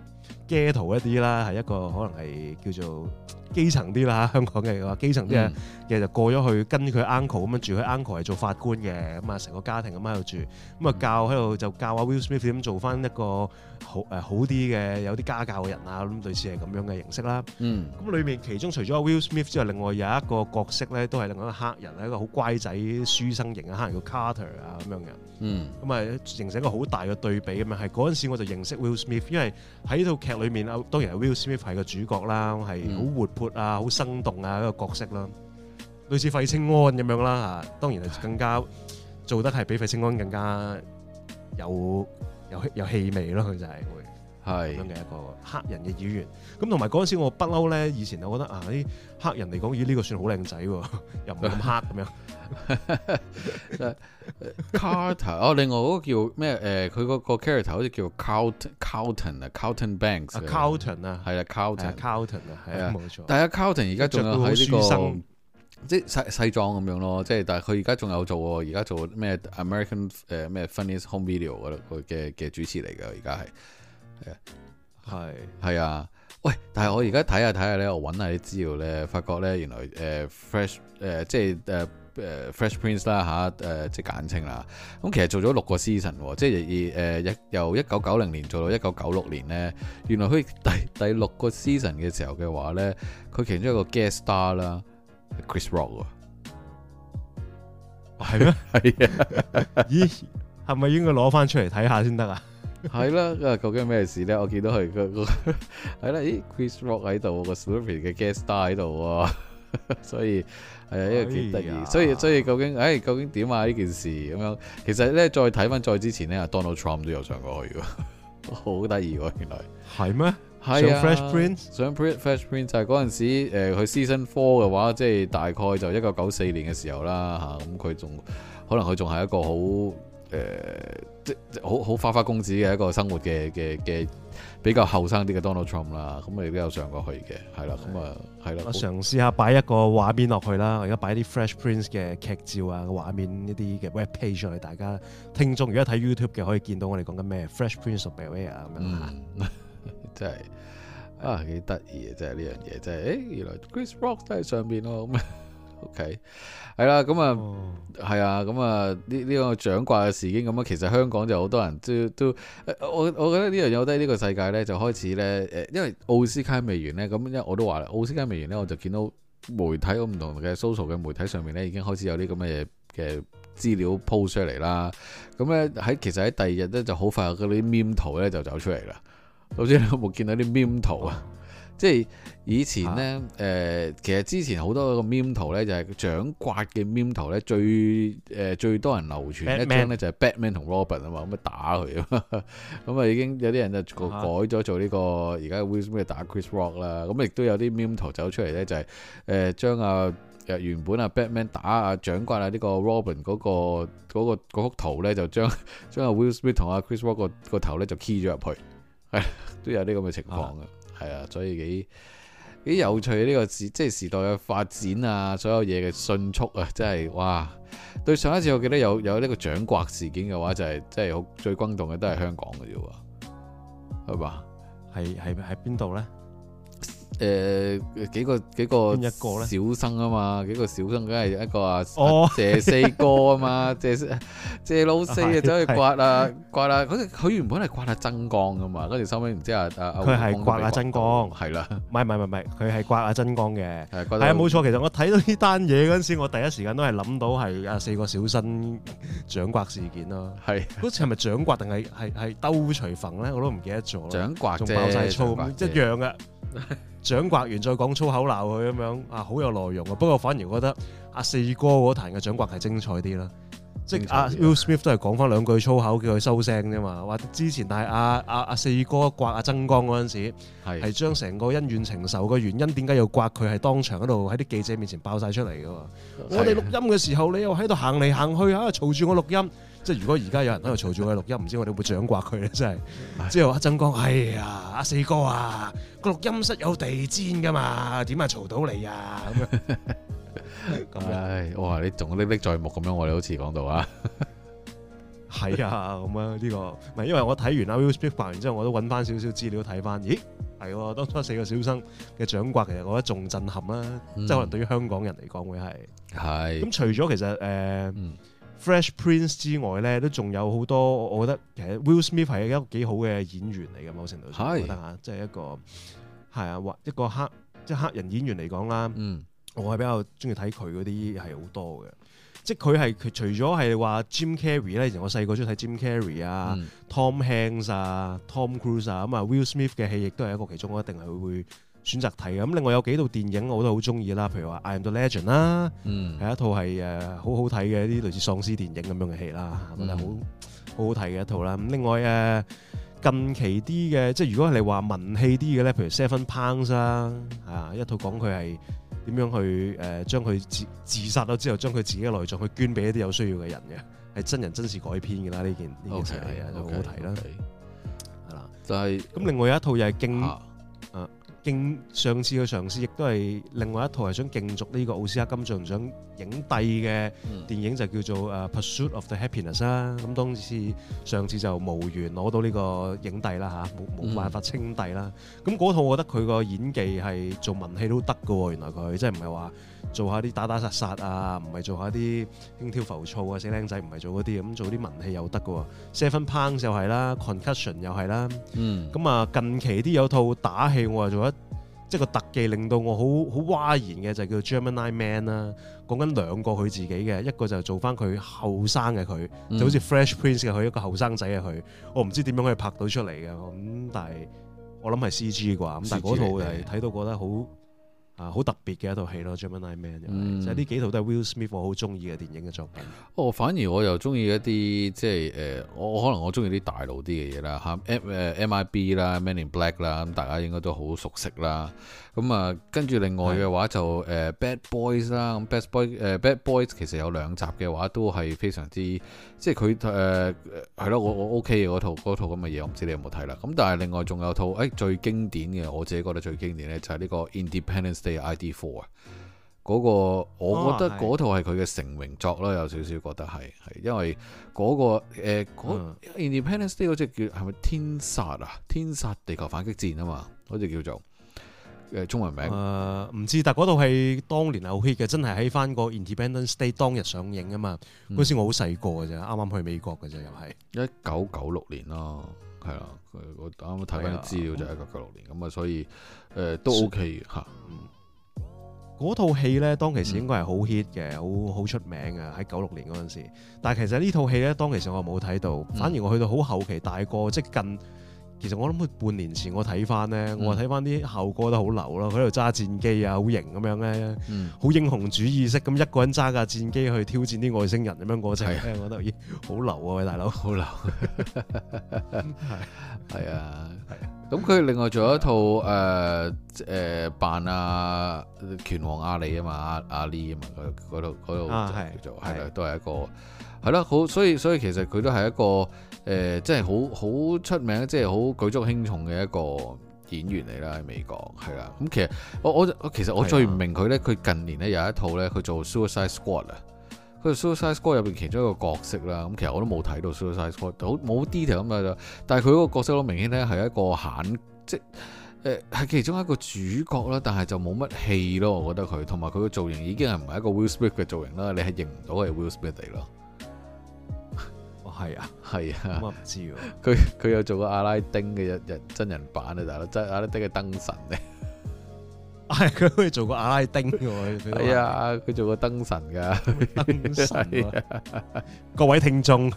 gateway 一啲啦，係一個可能係叫做。基層啲啦，香港嘅話基層啲嘢嘢就過咗去跟佢 uncle 咁樣住，佢 uncle 係做法官嘅，咁啊成個家庭咁喺度住，咁啊教喺度就教阿 Will Smith 點做翻一個好誒好啲嘅有啲家教嘅人啊，咁類似係咁樣嘅形式啦。嗯，咁裏面其中除咗 Will Smith 之外，另外有一個角色咧都係另外一個黑人，係一個好乖仔書生型嘅黑人叫 Carter 啊咁樣嘅。嗯，咁啊形成一個好大嘅對比咁啊，係嗰陣時我就認識 Will Smith，因為喺套劇裏面啊，當然係 Will Smith 係個主角啦，係好活。活啊，好生動啊，一個角色啦，類似費清安咁樣啦嚇，當然係更加做得係比費清安更加有有有氣味咯，佢就係、是、會。係咁嘅一個黑人嘅演員，咁同埋嗰陣時我不嬲咧。以前我覺得啊，啲黑人嚟講，咦，呢個算好靚仔喎，又唔咁黑咁樣。Carter 哦，另外嗰個叫咩？誒，佢嗰個 character 好似叫 Carlton Carlton Carlton Banks，Carlton 啊，係啊 Carlton Carlton 啊，係啊，冇錯。但係 Carlton 而家仲有喺呢個即係西細裝咁樣咯，即係但係佢而家仲有做，而家做咩 American 誒咩 Funniest Home Video 嗰個嘅嘅主持嚟㗎，而家係。係係啊，啊喂！但係我而家睇下睇下咧，我搵下啲資料咧，發覺咧原來誒、呃、，fresh 誒、呃，即係誒誒，fresh prince 啦、啊、吓，誒、呃、即係簡稱啦。咁其實做咗六個 season，即係二誒，由一九九零年做到一九九六年咧。原來佢第第六個 season 嘅時候嘅話咧，佢其中一個 guest star 啦，Chris Rock 啊。係咩嗎？係啊？咦？係咪應該攞翻出嚟睇下先得啊？係啦， 究竟咩事咧？我見到佢、那個個係啦，咦，Chris Rock 喺度，那個 Slurpee 嘅 guest star 喺度啊， 所以係啊，因為幾得意，這個哎、呀所以所以究竟，哎，究竟點啊？呢件事咁樣，其實咧再睇翻再之前咧，Donald Trump 都有上過去，去果好得意喎，原來係咩、啊？嗎啊、上 Fresh Print，上 Print Fresh Print 就係嗰陣時，誒、呃，佢 Season Four 嘅話，即、就、係、是、大概就一九九四年嘅時候啦，吓咁佢仲可能佢仲係一個好誒。呃好好花花公子嘅一個生活嘅嘅嘅比較後生啲嘅 Donald Trump 啦，咁啊亦都有上過去嘅，係啦的，咁啊係啦，的我嘗試下擺一個畫面落去啦，我而家擺啲 Fresh Prince 嘅劇照啊，畫面呢啲嘅 Web Page 上嚟，大家聽眾而家睇 YouTube 嘅可以見到我哋講緊咩 Fresh Prince of Bel Air 啊？咁樣啦，真係啊幾得意嘅，真係呢樣嘢，真係誒原來 Chris Rock 都喺上邊咯咁 O K，係啦，咁啊、okay.，係、嗯、啊，咁啊、嗯，呢呢、這個掌摑嘅事件，咁啊，其實香港就好多人都，都都，我我覺得呢樣有得呢個世界咧，就開始咧，誒，因為奧斯卡未完咧，咁因為我都話啦，奧斯卡未完咧，我就見到媒體，我唔同嘅 social 嘅媒體上面咧，已經開始有啲咁嘅嘅資料 post 出嚟啦。咁咧喺其實喺第二日咧，就好快嗰啲 meme 圖咧就走出嚟啦。老師你有冇見到啲 meme 圖啊？即係以前咧，誒、呃，其實之前好多個 meme 圖咧，就係、是、掌摑嘅 meme 圖咧，最誒、呃、最多人流傳咧 Batman?，一張咧，就係、是、Batman 同 Robin 啊嘛，咁啊打佢啊，咁 啊已經有啲人就、uh huh. 改咗做呢、這個而家 Will Smith 打 Chris Rock 啦，咁亦都有啲 meme 圖走出嚟咧，就係誒將阿誒原本阿、啊、Batman 打阿、啊、掌摑啊呢、這個 Robin 嗰、那個嗰幅圖咧，就將將阿 Will Smith 同阿 Chris Rock 個、那個頭咧就 key 咗入去，係 都有啲咁嘅情況嘅、uh。Huh. 係啊，所以幾幾有趣呢個時即係時代嘅發展啊，所有嘢嘅迅速啊，真係哇！對上一次我記得有有呢個掌摑事件嘅話，就係即係好最轟動嘅都係香港嘅啫，係嘛？係係喺邊度咧？誒幾個幾個小生啊嘛，幾個小生梗係一個啊哦，謝四哥啊嘛，謝謝老四走去刮啦刮啦，佢原本係刮阿真光噶嘛，跟住收尾唔知啊佢係刮阿真光係啦，唔係唔係唔係，佢係刮阿真光嘅，係啊冇錯，其實我睇到呢單嘢嗰陣時，我第一時間都係諗到係啊四個小生掌摑事件咯，係好似係咪掌摑定係係係兜除粉咧？我都唔記得咗，掌摑爆晒粗啫，一樣嘅。掌摑完再講粗口鬧佢咁樣啊，好有內容啊！不過反而覺得阿四哥嗰台嘅掌摑係精彩啲啦，即係阿 Will Smith 都係講翻兩句粗口叫佢收聲啫嘛。話之前但係阿阿阿四哥摑阿曾光嗰陣時，係將成個恩怨情仇嘅原因點解要摑佢係當場喺度喺啲記者面前爆晒出嚟噶嘛。我哋錄音嘅時候你又喺度行嚟行去啊，喺度嘈住我錄音。即係如果而家有人喺度嘈住我嘅錄音，唔知我哋會唔會掌摑佢咧，真係！之係阿曾哥，哎呀，阿四哥啊，個錄音室有地氈噶嘛，點啊，嘈到你啊咁樣？咁樣、 哎，哇！你仲歷歷在目咁樣，我哋好似講到啊，係啊，咁樣呢個，唔係因為我睇完阿 YouTube 發完之後，我都揾翻少少資料睇翻。咦，係，當初四個小生嘅掌摑其實我覺得仲震撼啦，嗯、即係可能對於香港人嚟講會係，係的。咁除咗其實誒。呃嗯 Fresh Prince 之外咧，都仲有好多，我覺得其實 Will Smith 係一個幾好嘅演員嚟嘅，某程度上。的，我覺得嚇，即係一個係啊，一個黑即係黑人演員嚟講啦，嗯、我係比較中意睇佢嗰啲係好多嘅，即係佢係除咗係話 Jim Carrey 咧 Car、嗯，以前我細個中意睇 Jim Carrey 啊、Tom Hanks 啊、Tom Cruise 啊，咁、嗯、啊 Will Smith 嘅戲亦都係一個其中一定係會選擇題嘅咁，另外有幾套電影我都好中意啦，譬如話《I am the Legend、嗯》啦，係一套係誒好好睇嘅一啲類似喪屍電影咁樣嘅戲啦，咁係、嗯、好好好睇嘅一套啦。咁另外誒近期啲嘅，即係如果係你話文氣啲嘅咧，譬如《Seven Pounds》啦，係啊，一套講佢係點樣去誒將佢自自殺咗之後，將佢自己嘅內臟去捐俾一啲有需要嘅人嘅，係真人真事改編嘅啦，呢件呢件事係啊，okay，好好睇啦。係啦，就係咁，另外有一套又係勁。啊上次嘅嘗試，亦都係另外一套，係想競逐呢個奧斯卡金像獎。影帝嘅電影就叫做《誒 Pursuit of the Happiness》啦，咁當時上次就無緣攞到呢個影帝啦嚇，冇冇辦法稱帝啦。咁嗰套我覺得佢個演技係做文戲都得㗎喎，原來佢真係唔係話做下啲打打殺殺啊，唔係做下啲輕佻浮躁啊，死僆仔唔係做嗰啲嘅，咁做啲文戲又得㗎喎，《Seven Pounds》又係啦，《Concussion》又係啦，咁啊近期啲有套打戲我又做一。即係個特技令到我好好嘩然嘅就叫 Gemini Man 啦，講緊兩個佢自己嘅，一個就做翻佢後生嘅佢，嗯、就好似 Fresh Prince 嘅佢一個後生仔嘅佢，我唔知點樣可以拍到出嚟嘅咁，但係我諗係 CG 啩，咁但係嗰套係睇到覺得好。啊，好特別嘅一套戲咯，《Gemini Man》就係，呢、嗯、幾套都係 Will Smith 我好中意嘅電影嘅作品。哦，反而我又中意一啲，即係誒、呃，我可能我中意啲大佬啲嘅嘢啦嚇，誒《MIB》M I、B，啦，《Men in Black》啦，咁大家應該都好熟悉啦。咁啊、嗯，跟住另外嘅話就誒的、呃《Bad Boys》啦。咁《Bad Boy》誒《Bad Boys、呃》Bad Boys 其實有兩集嘅話都係非常之即係佢誒係咯，我我 OK 嘅嗰套嗰套咁嘅嘢，我唔、OK，知你有冇睇啦。咁、嗯、但係另外仲有套誒、哎、最經典嘅，我自己覺得最經典咧就係、是、呢個，那個《Independence Day》I D Four 啊。嗰個我覺得嗰套係佢嘅成名作啦，有少少覺得係係因為嗰、那個誒嗰、呃《Independence Day》只叫係咪天煞啊？天煞地球反擊戰啊嘛，嗰、那、只、個、叫做。誒中文名誒唔、呃、知，但嗰套戲當年係好 hit 嘅，真係喺翻個 Independence Day 當日上映啊嘛！嗰、嗯、時我好細個嘅啫，啱啱去美國嘅啫，又係一九九六年咯，係啦，我啱啱睇翻啲資料就係一九九六年咁啊，所以誒、呃、都 OK 嚇。嗰套了、嗯、戲咧，當其時應該係好 hit 嘅，好好出名啊！喺九六年嗰陣時，但係其實呢套戲咧，當其時我冇睇到，嗯、反而我去到好後期，大個即近。其實我諗佢半年前我睇翻咧，我睇翻啲效果都好流咯，佢喺度揸戰機啊，好型咁樣咧，好英雄主義式咁一個人揸架戰機去挑戰啲外星人，咁樣過程，我覺得咦好流啊，位大佬好流，係啊，係啊，咁佢另外做咗一套誒誒扮啊拳王阿里啊嘛，阿阿里啊嘛，嗰嗰度嗰度叫做係都係一個係啦，好所以所以其實佢都係一個。誒，即係好好出名，即係好舉足輕重嘅一個演員嚟啦，喺美國係啦。咁、嗯、其實我我，我其實我最唔明佢呢，佢的近年呢有一套呢，佢做 Suicide Squad 啊，佢 Suicide Squad 入邊其中一個角色啦。咁其實我都冇睇到 Suicide Squad，冇冇 detail 咁。但係佢嗰個角色都明顯呢係一個閂，即係、呃、其中一個主角啦。但係就冇乜戲咯，我覺得佢同埋佢個造型已經係唔係一個 Will Smith 嘅造型啦，你係認唔到係 Will Smith 嚟咯。係啊，係啊，我唔知喎。佢佢有做過阿拉丁嘅日日真人版啊，大佬，真阿拉丁嘅燈神咧，係佢可以做過阿拉丁嘅，係啊，佢做過燈神噶，燈神啊！各位聽眾，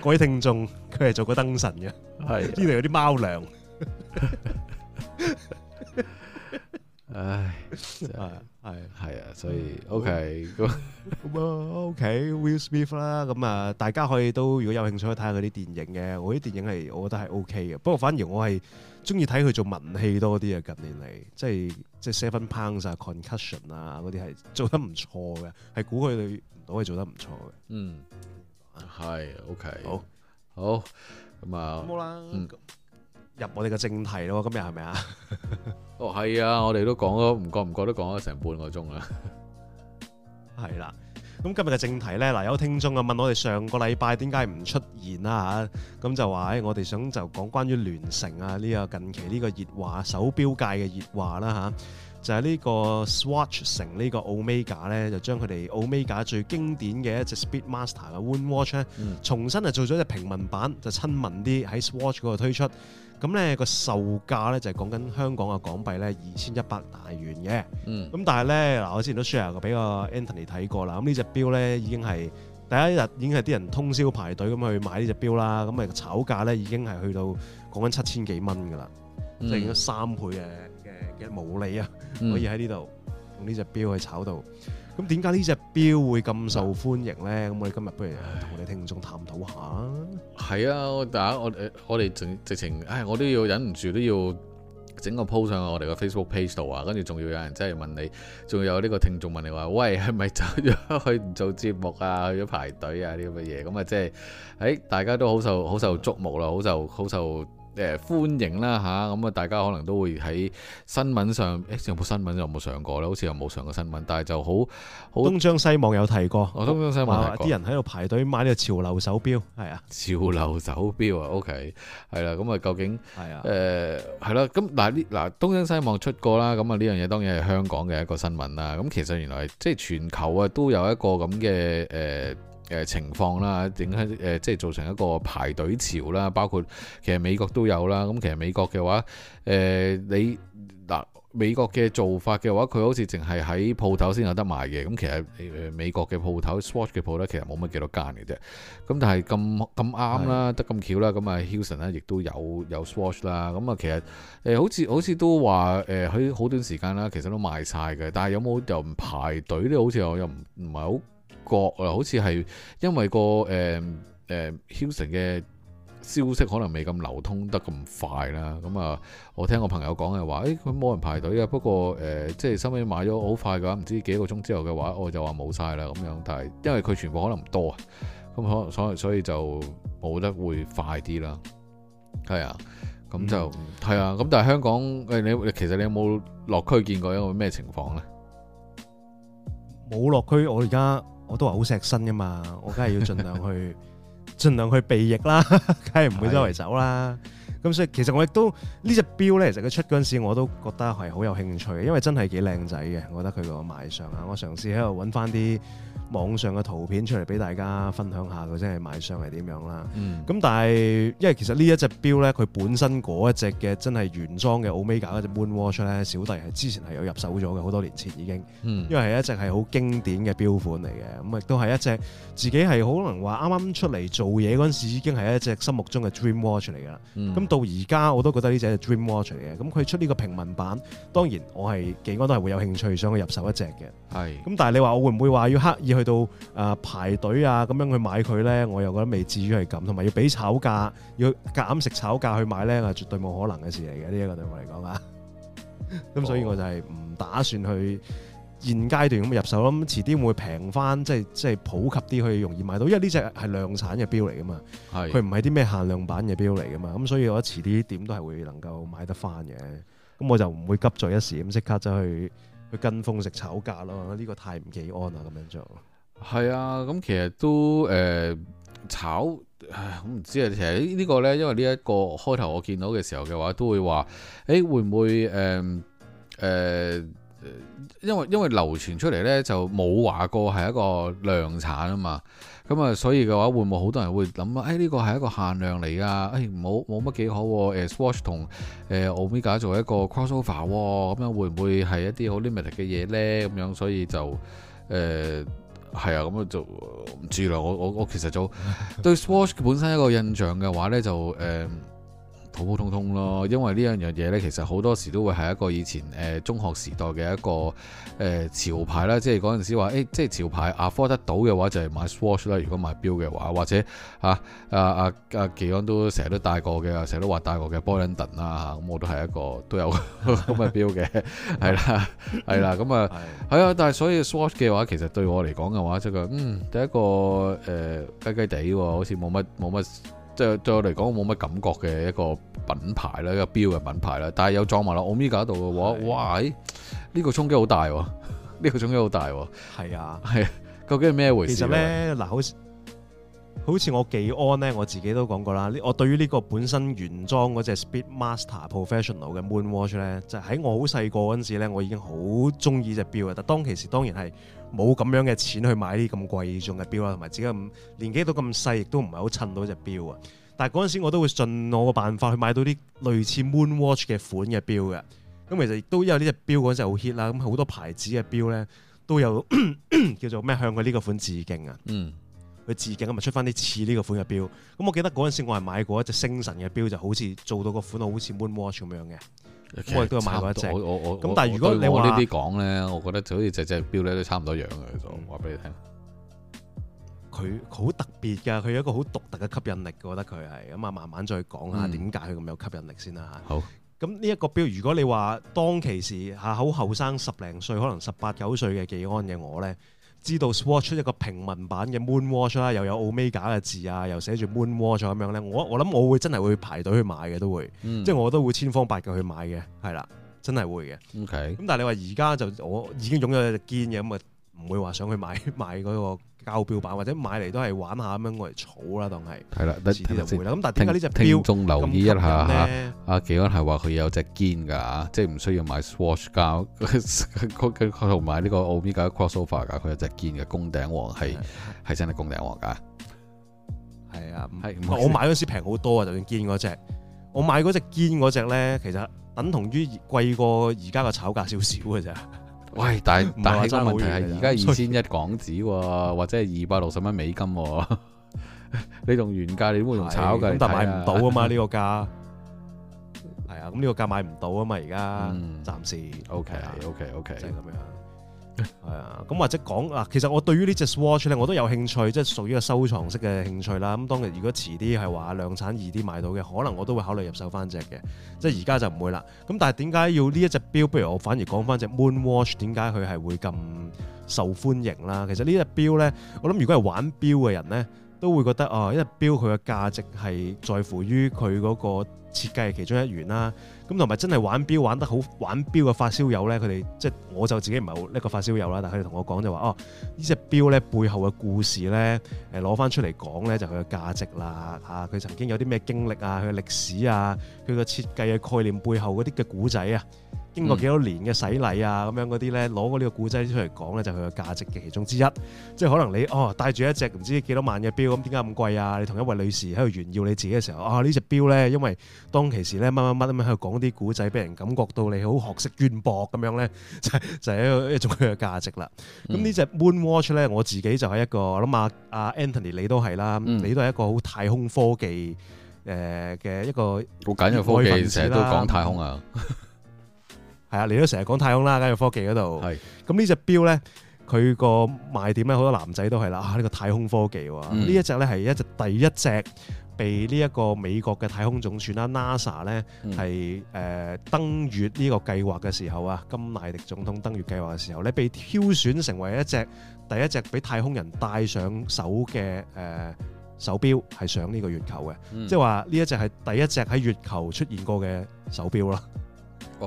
各位聽眾，佢係做過燈神嘅，係呢度有啲貓糧，唉。係係啊，所以 OK 咁啊，OK Will Smith 啦，咁、嗯、啊大家可以都如果有興趣去睇下佢啲電影嘅，我啲電影係我覺得係 OK 嘅。不過反而我係中意睇佢做文戲多啲啊。近年嚟即係即係 Seven Pounds 啊、Concussion 啊嗰啲係做得唔錯嘅，係估佢哋都係做得唔錯嘅。嗯，係 OK，好好咁啊，冇啦。嗯入我哋嘅正題咯，今日係咪啊？ 哦，係啊，我哋都講咗，唔覺唔覺都講咗成半個鐘啦。係 啦、啊，咁今日嘅正題咧，嗱有聽眾啊問我哋上個禮拜點解唔出現啦嚇，咁、啊、就話誒，我哋想就講關於聯乘啊呢、呢個近期呢個熱話，手錶界嘅熱話啦吓，就係、是、呢個 Swatch 乘呢個 Omega 咧，就將佢哋 Omega 最經典嘅一隻 Speedmaster 嘅 Moonwatch 咧，嗯、重新啊做咗隻平民版，就親民啲喺 Swatch 度推出。咁咧個售價咧就係、是、講緊香港嘅港幣咧二千一百大元嘅。咁、嗯、但係咧嗱，我之前都 share 過俾 An、嗯嗯、個 Anthony 睇過啦，咁呢隻表咧已經係第一日已經係啲人通宵排隊咁去買呢隻表啦，咁、那、啊、個、炒價咧已經係去到講緊七千幾蚊噶啦，即係、嗯、已經三倍嘅嘅嘅毛利啊，嗯、可以喺呢度用呢隻表去炒到。咁點解呢隻錶會咁受歡迎呢？咁的我哋今日不如同我哋聽眾探討下啊！係啊，我打我哋我哋直情，唉、哎，我都要忍唔住都要整個 po 上我哋個 Facebook page 度啊！跟住仲要有人真係問你，仲有呢個聽眾問你話，喂，係咪走咗？去唔做節目啊？去咗排隊啊？啲咁嘅嘢，咁啊即係，唉、哎，大家都好受好受矚目啦，好受好受。誒歡迎啦嚇，咁啊大家可能都會喺新聞上，誒有冇新聞有冇上過咧？好似有冇上過新聞，但係就好好東張西望有提過，哦、東張西望啲、啊啊、人喺度排隊買呢個潮流手錶，係啊，潮流手錶、okay、啊，OK，係啦，咁啊究竟係啊，誒係啦，咁嗱呢嗱東張西望出過啦，咁啊呢樣嘢當然係香港嘅一個新聞啦，咁其實原來即係全球啊都有一個咁嘅誒。呃誒、呃、情況啦，點解誒即係造成一個排隊潮啦？包括其實美國都有啦。咁、嗯、其實美國嘅話，誒、呃、你嗱、呃、美國嘅做法嘅話，佢好似淨係喺鋪頭先有得賣嘅。咁其實誒美國嘅鋪頭，Swatch 嘅鋪咧，其實冇乜幾多間嘅啫。咁但係咁咁啱啦，得咁巧啦。咁啊 Hudson 咧亦都有有 Swatch 啦。咁、嗯、啊，其實誒、呃、好似好似都話誒喺好短時間啦，其實都賣晒嘅。但係有冇又唔排隊呢？好似又又唔唔係好。個啊，好似係因為、個誒誒、呃呃、Hilton 嘅消息可能未咁流通得咁快啦。咁啊，我聽我朋友講嘅話，誒佢冇人排隊啊。不過誒、呃，即係收尾買咗好快嘅話，唔知幾個鐘之後嘅話，我就話冇晒啦咁樣。但係因為佢全部可能唔多啊，咁可能所以所以就冇得會快啲啦。係啊，咁就係、嗯、啊。咁但係香港誒、欸、你其實你有冇落區見過一個咩情況呢？冇落區，我而家。我都話好錫身噶嘛，我梗係要盡量去， 盡量去避疫啦，梗係唔會周圍走啦。咁的所以其實我亦都呢隻錶咧，其實佢出嗰陣時我都覺得係好有興趣，因為真係幾靚仔嘅，我覺得佢個賣相啊，我嘗試喺度揾翻啲網上嘅圖片出嚟俾大家分享下，佢真係賣相係點樣啦？咁、嗯嗯、但係因為其實呢一隻錶咧，佢本身嗰一隻嘅真係原裝嘅 Omega 一隻 Moonwatch 咧，小弟係之前係有入手咗嘅，好多年前已經。因為係一隻係好經典嘅錶款嚟嘅，咁亦都係一隻自己係可能話啱啱出嚟做嘢嗰陣時已經係一隻心目中嘅 Dream Watch 嚟㗎。咁、嗯嗯、到而家我都覺得呢隻係 Dream Watch 嚟嘅。咁、嗯、佢出呢個平民版，當然我係幾安都係會有興趣想去入手一隻嘅。係的。咁、嗯、但係你話我會唔會話要刻意去？去到，呃、排隊啊排隊啊咁樣去買佢咧，我又覺得未至於係咁，同埋要俾炒價，要減食炒價去買咧，係絕對冇可能嘅事嚟嘅。呢、這、一個對我嚟講啊，咁 所以我就係唔打算去現階段咁入手咯。咁遲啲會平翻，即係即係普及啲，可以容易買到。因為呢隻係量產嘅表嚟噶嘛，佢唔係啲咩限量版嘅表嚟噶嘛。咁、嗯、所以我覺得遲啲點都係會能夠買得翻嘅。咁、嗯、我就唔會急在一時咁即刻就去去，去跟風食炒價咯。呢個太唔幾安啦、啊，咁樣做。係啊，咁、嗯、其實都誒、呃、炒，唉，我唔知啊。其實個呢個咧，因為呢、這、一個開頭我見到嘅時候嘅話，都會話，誒、欸、會唔會誒誒、呃呃，因為因為流傳出嚟咧就冇話過係一個量產啊嘛。咁、嗯、啊，所以嘅話會唔會好多人會諗啊？誒呢個係一個限量嚟、欸、啊！誒、欸、冇冇乜幾好誒 Swatch 同誒、呃、Omega 做一個 crossover s 咁樣會唔會係一啲好 limit 嘅嘢咧？咁樣所以就誒。呃係啊，咁就唔知啦。我我我其實就 對 Swatch 本身一個印象嘅話呢，就誒。呃普普通通咯，因為呢樣樣嘢咧，其實好多時都會係一個以前誒中學時代嘅一個誒、呃、潮牌啦，即係嗰陣時話誒、哎，即係潮牌 afford 得到嘅話就係買 Swatch 啦，如果買表嘅話或者啊啊啊，紀安都成日都戴過嘅，成日都話戴過嘅 Bolton 啊，咁、啊 e 啊、我都係一個都有咁嘅表嘅，係啦係啦，咁啊係啊，但係、 嗯、所以 Swatch 嘅話，其實對我嚟講嘅話，即係嗯第一個誒雞雞地，好似冇乜冇乜。即係對我嚟講冇乜感覺嘅一個品牌啦，一個表嘅品牌啦，但係有撞埋落奧米茄度嘅話，啊、哇！呢、呢個衝擊好大喎，呢、呢個衝擊好大喎。係 啊，係。究竟係咩回事呢？其實咧，嗱，好似好似我紀安咧，我自己都講過啦。我對於呢個本身原裝嗰隻 Speedmaster Professional 嘅 Moon Watch 咧，就喺、係、我好細個嗰陣時咧，我已經好中意隻表嘅。但當其時當然係。冇咁樣嘅錢去買啲咁貴重嘅表啦，同埋自己咁年紀都咁細，亦都唔係好襯到隻表啊。但係嗰陣時我都會盡我嘅辦法去買到啲類似 Moon Watch 嘅款嘅表嘅。咁其實亦都有呢隻表，嗰陣時好 hit 啦，咁好多牌子嘅表咧都有咳咳，叫做咩向佢呢個款致敬啊。嗯。佢致敬咁咪、就是、出翻啲似呢個款嘅表。咁我記得嗰陣時我係買過一隻星辰嘅表，就好似做到個款好似 Moon Watch 咁樣嘅。Okay，我亦都有買過一隻，咁但係如果我我你話呢啲講咧，我覺得就好似隻隻錶咧都差唔多樣嘅，就話俾你聽。佢好特別㗎，佢有一個好獨特嘅吸引力，我覺得佢係咁啊，慢慢再講下點解佢咁有吸引力、嗯、先啦吧吓，好。咁呢一個錶，如果你話當其時吓好後生十零歲，可能十八九歲嘅紀安嘅我咧。知道 Swatch 出一個平民版嘅 Moonwatch 啦，又有 Omega 嘅字啊，又寫住 Moonwatch 咁樣咧，我我諗我會真係會排隊去買嘅，都會，嗯、即係我都會千方百計去買嘅，係啦，真係會嘅。OK 咁但係你話而家就我已經擁有一隻堅嘅咁啊，唔會話想去買買嗰個。膠表版或者買嚟都係玩下咁樣，我嚟儲啦，當係係啦，得聽就會啦。咁聽但係點解呢隻聽鐘留意一下吓？阿杰哥係話佢有隻堅噶，即係唔需要買 swatch 膠，同埋呢個 Omega crossover 噶，佢有隻堅嘅公頂王係係真係公頂王噶。係啊，係我買嗰時平好多啊，就算堅嗰隻，我買嗰隻堅嗰隻咧，其實等同於貴過而家嘅炒價少少嘅咋。喂，但係但係個問題係而家二千一港紙喎，說或者係二百六十蚊美金喎、啊， 你用原價你都會用炒咁是看但買唔到啊嘛呢 個價，係 啊，咁呢個價買唔到啊嘛，而家暫時、嗯、OK 啊，OK OK，即係咁樣。係啊，咁、嗯、或者講嗱，其實我對於呢隻 Swatch 咧，我都有興趣，即係屬於個收藏式嘅興趣啦。咁當然，如果遲啲係話量產易啲買到嘅，可能我都會考慮入手翻隻嘅，即係而家就唔會啦。咁但係點解要呢一隻錶？不如我反而講翻隻 Moon Watch，點解佢係會咁受歡迎啦？其實隻標呢隻錶咧，我諗如果係玩錶嘅人咧，都會覺得哦，呢隻錶佢嘅價值係在乎於佢嗰個。設計係其中一環啦，咁同埋真係玩表玩得好玩表嘅發燒友呢，佢哋即係我就自己唔係好呢個發燒友啦，但係佢哋同我講就話哦，呢隻表呢，背後嘅故事呢，誒攞翻出嚟講呢，就佢嘅價值啦，啊佢曾經有啲咩經歷啊，佢嘅歷史啊，佢嘅設計嘅概念背後嗰啲嘅古仔啊。經過幾多年嘅洗禮啊，咁樣嗰啲咧攞過呢個古仔出嚟講咧，就佢嘅價值嘅其中之一。即係可能你哦戴住一隻唔知幾多萬嘅錶，咁點解咁貴啊？你同一位女士喺度炫耀你自己嘅時候啊，呢隻錶咧，因為當其時咧乜乜乜咁樣喺度講啲古仔，俾人感覺到你好學識淵博咁樣咧，就就係一個一種佢嘅價值啦。咁呢隻 Moon Watch 咧，我自己就係一個我諗啊阿 Anthony 你都係啦，你都係一個好太空科技誒嘅一個好緊要嘅科技，成日都講太空啊。係啊，你都成日講太空啦，加入科技嗰度。係咁是呢隻錶咧，佢個賣點咧，好多男仔都係啦。啊，呢、這個太空科技喎，呢、嗯、一隻咧係一隻第一隻被呢一個美國嘅太空總署啦 NASA 咧、嗯，係誒、呃、登月呢個計劃嘅時候啊，甘迺迪總統登月計劃嘅時候咧，被挑選成為一隻第一隻俾太空人戴上手嘅誒、呃、手錶，係上呢個月球嘅，嗯、即係話呢一隻係第一隻喺月球出現過嘅手錶啦。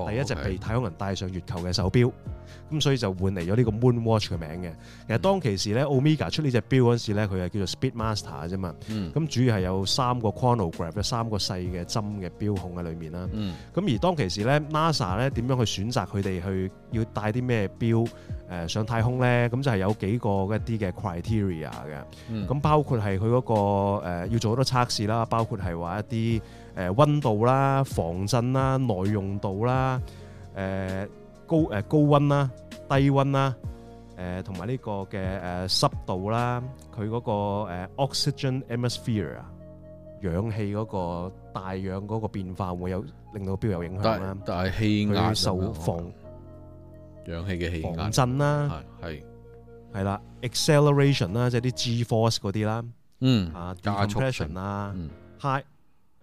第一隻被太空人戴上月球嘅手錶。Oh, okay. 咁所以就換嚟咗呢個 Moonwatch 嘅名嘅。其實當其時咧，Omega、嗯、出呢隻表嗰陣時咧，佢係叫做 Speedmaster 啫嘛。咁、嗯、主要係有三個 chronograph，有三個細嘅針嘅錶控喺裡面啦。咁、嗯、而當其時咧，NASA 咧點樣去選擇佢哋去要帶啲咩表誒上太空咧？咁就係有幾個一啲嘅 criteria 嘅。咁、嗯、包括係佢嗰個、呃、要做好多測試啦，包括係話一啲誒温度啦、防震啦、耐用度啦誒。呃高誒、呃，高溫啦、低溫啦、誒、呃，同埋呢個嘅誒濕度啦，佢嗰個誒 oxygen atmosphere 啊，氧氣嗰個大氧嗰個變化會有令到表有影響啦。但係氣壓受防氧氣嘅氣，防震啦，係係啦，acceleration 啦，即係啲 G force 嗰啲啦，嗯啊，加速度啦，係。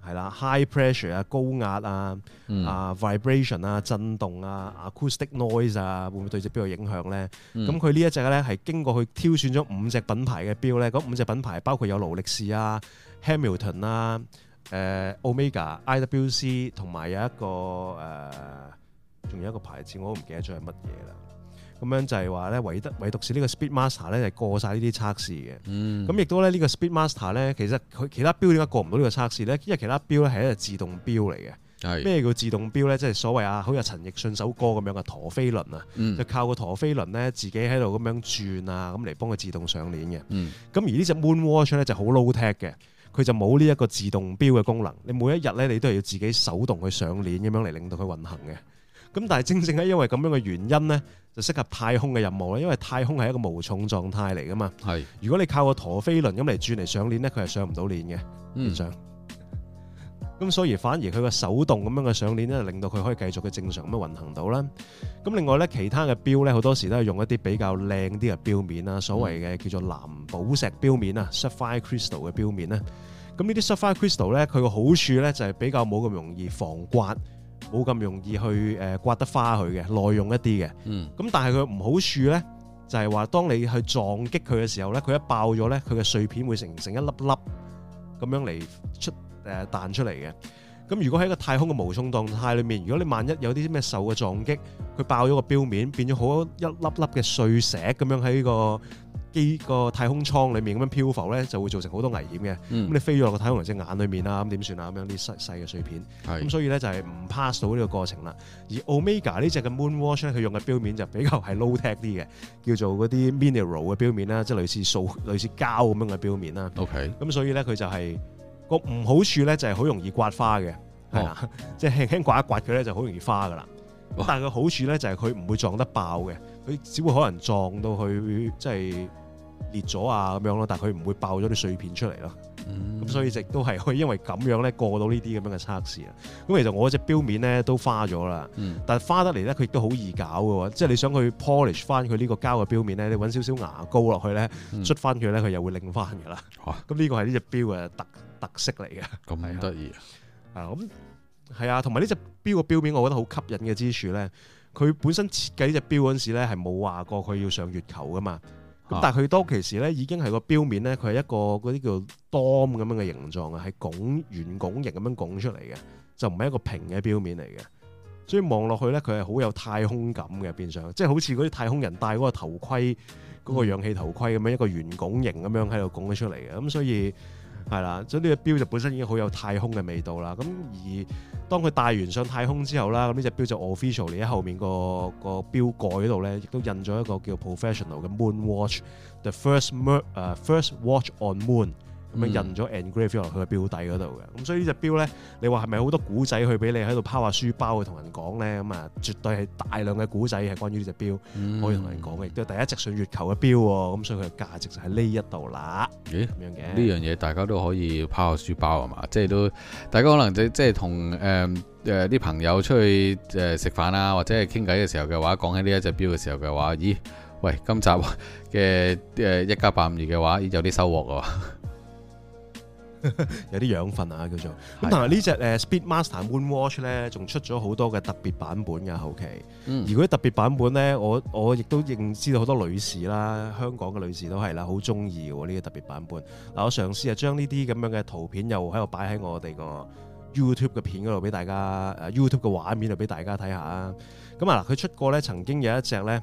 係啦，high pressure、嗯、啊，高壓啊，啊 vibration 啊，震動啊，acoustic noise 啊，會唔會對隻錶有影響咧？咁佢呢一隻咧係經過佢挑選咗五隻品牌嘅錶咧，咁五隻品牌包括有勞力士啊、Hamilton 啊、誒 Omega、IWC 同埋有一個誒，仲、啊、有一個牌子我都唔記得咗係乜嘢啦。咁樣就係話咧，唯得唯獨是個呢個 Speedmaster 咧就過晒呢啲測試嘅。咁亦都咧，個呢個 Speedmaster 咧，其實佢其他錶點解過唔到呢個測試咧？因為其他錶咧係一隻自動錶嚟嘅。咩是叫自動錶咧？即、就、係、是、所謂啊，好似陳奕迅首歌咁樣嘅陀飛輪啊，嗯、就靠個陀飛輪咧自己喺度咁樣轉啊，咁嚟幫佢自動上鏈嘅。咁、嗯、而 Moon watch 呢隻 Moonwatch 咧就好、是、low tech 嘅，佢就冇呢一個自動錶嘅功能。你每一日咧，你都係要自己手動去上鏈咁樣嚟令到佢運行嘅。咁但係正正係，因為咁樣嘅原因咧，就適合太空嘅任務咧，因為太空係一個無重狀態嚟噶嘛係是，如果你靠個陀飛輪咁嚟轉嚟上鏈咧，佢係上唔到鏈嘅，上、嗯。咁所以反而佢個手動咁樣嘅上鏈咧，令到佢可以繼續嘅正常咁運行到啦。咁另外咧，其他嘅錶咧，好多時都係用一啲比較靚啲嘅錶面啦，所謂嘅叫做藍寶石錶面啊，sapphire crystal 嘅錶面咧。咁呢啲 sapphire crystal 咧，佢個好處咧就係、是、比較冇咁容易防刮。冇咁容易去誒刮得花佢嘅，耐用一啲嘅。咁、嗯、但係佢唔好處咧就係話，當你去撞擊佢嘅時候咧，佢一爆咗咧，佢嘅碎片會成成一粒粒咁樣嚟出誒彈、呃、出嚟嘅。咁如果喺一個太空嘅無重狀態裏面，如果你萬一有啲咩受嘅撞擊，佢爆咗個錶面，變咗好多一粒粒嘅碎石咁樣喺呢個。呢個太空艙裡面咁樣漂浮咧，就會造成好多危險嘅。咁、嗯、你飛咗落個太空人隻眼裏面啦，咁點算啊？咁樣啲細細嘅碎片，咁是所以咧就係唔 pass 到呢個過程啦。而 Omega 呢隻嘅 Moonwatch 咧，佢用嘅錶面就比較係 low tech 啲嘅，叫做嗰啲 mineral 嘅錶面啦，即係類似塑、類似膠咁樣嘅錶面啦。OK。咁所以咧，佢就係、是、個唔好處咧，就係好容易刮花嘅，係啊，即係輕輕刮一刮佢咧，就好容易花噶啦。Oh。但係個好處咧，就係佢唔會撞得爆嘅，佢只會可能撞到佢即係。裂咗啊咁樣咯，但係佢唔會爆咗啲碎片出嚟咯。咁、嗯、所以亦都係可以因為咁樣咧過到呢啲咁樣嘅測試啊。咁其實我隻錶面咧都花咗啦，嗯、但係花得嚟咧佢亦都好易搞嘅喎。即係你想佢 polish 翻佢呢個膠嘅錶面咧，你揾少少牙膏落去咧，捽翻佢咧，佢又會擰翻㗎啦。咁呢個係呢隻錶嘅特特色嚟嘅，係得意啊。啊咁係啊，同埋呢隻錶嘅錶面，我覺得好吸引嘅之處咧，佢本身設計呢隻錶嗰陣時咧係冇話過佢要上月球㗎嘛。但係佢多其時咧，已經係個錶面咧，佢係一個嗰啲叫 dom 咁樣嘅形狀啊，係拱圓拱形咁樣拱出嚟嘅，就唔係一個平嘅錶面嚟嘅，所以望落去咧，佢係好有太空感嘅，變相即係好似嗰啲太空人戴嗰個頭盔嗰個氧氣頭盔咁樣一個圓拱形咁樣喺度拱咗出嚟嘅，咁所以。係啦，所以呢隻錶就本身已經好有太空嘅味道啦。咁而當佢帶完上太空之後啦，咁呢隻錶就 official 嚟喺後面、個個錶蓋嗰度咧，亦都印咗一個叫 professional 嘅 moon watch，the first 誒、uh, first watch on moon。咁樣、嗯、印咗 engrave 落去個表底嗰度嘅，咁、嗯、所以呢隻表咧，你話係咪好多古仔去俾你喺度拋下書包去同人講咧？咁、嗯、啊，絕對係大量嘅古仔係關於呢隻表可以同人講嘅，都係第一隻上月球嘅表喎，咁、嗯、所以佢嘅價值就喺呢一度嗱。咦，咁樣嘅呢樣嘢，大家都可以拋下書包係嘛？即係都大家可能即即係同誒誒啲朋友出去誒、呃、食飯啊，或者係傾偈嘅時候嘅話，講起呢一隻表嘅時候嘅話，咦？喂，今集嘅誒一家八五二嘅話，有啲收穫喎。 有啲養分啊，叫做咁。但係的、啊、呢隻誒 Speedmaster Moonwatch 咧，仲出咗好多嘅特別版本嘅、啊。後期如果啲特別版本咧，我我亦都認知道好多女士啦，香港嘅女士都係啦，好中意喎呢啲特別版本嗱、啊。我嘗試啊，將呢啲咁樣嘅圖片又喺度擺喺我哋個 YouTube 嘅片嗰度，俾大家、啊、YouTube 嘅畫面度俾大家睇下啊。咁啊佢出過咧，曾經有一隻咧。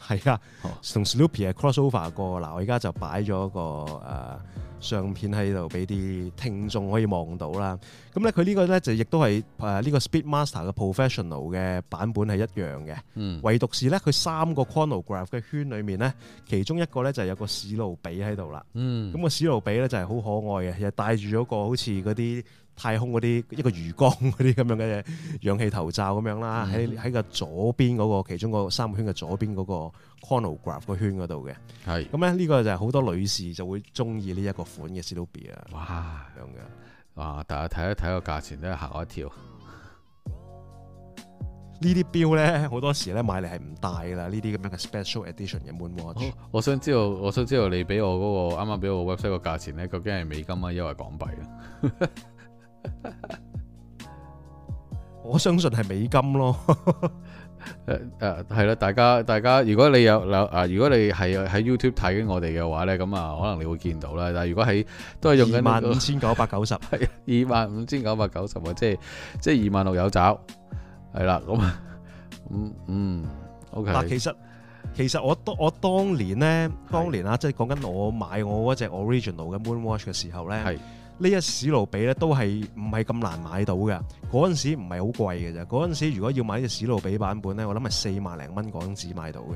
係啊，同 Snoopy 係 crossover 過。嗱，我而家就擺咗個誒、呃、相片喺度俾啲聽眾可以望到啦。咁咧佢呢、呃這個咧就亦都係誒呢個 Speedmaster 嘅 professional 嘅版本係一樣嘅，嗯、唯獨是咧佢三個 chronograph 嘅圈裏面咧，其中一個咧就有個史努比喺度啦。咁、嗯、個史努比咧就係好可愛嘅，又戴住咗個好似嗰啲。太空嗰啲一個魚缸嗰啲咁樣嘅氧氣頭罩咁樣啦，喺喺個左邊嗰、嗰個其中個三個圈嘅左邊嗰個 Chronograph 個圈嗰度嘅，係咁咧呢個就係好多女士就會中意呢一個款嘅 Celine 啊！哇，咁樣哇！大家睇一睇個價錢咧，嚇我一跳。呢啲表咧好多時咧買嚟係唔戴啦。呢啲咁樣嘅 Special Edition 嘅 Moon Watch 我想知道，我想知道你俾我嗰、嗰個啱啱俾我個 website 個價錢咧，究竟係美金啊，抑或港幣啊？ 我相信係美金咯、 啊，誒誒係啦，大家大家，如果你有，啊，如果你係喺 YouTube 睇緊我哋嘅話咧，咁啊，可能你會見到啦。但係如果喺都係用緊二萬五千九百九十，係二萬五千九百九十啊，即係即係二萬六有找，係啦，咁，嗯嗯，OK。嗱、okay 啊，其實其實我當我當年咧，是當年啊，即係講緊我買我嗰隻 original 嘅 Moon Watch 嘅時候咧，係。呢一史努比咧都係唔係咁難買到嘅，嗰陣時唔係好貴嘅啫。嗰陣時如果要買呢隻史努比版本咧，我諗係四萬零蚊港紙買到嘅。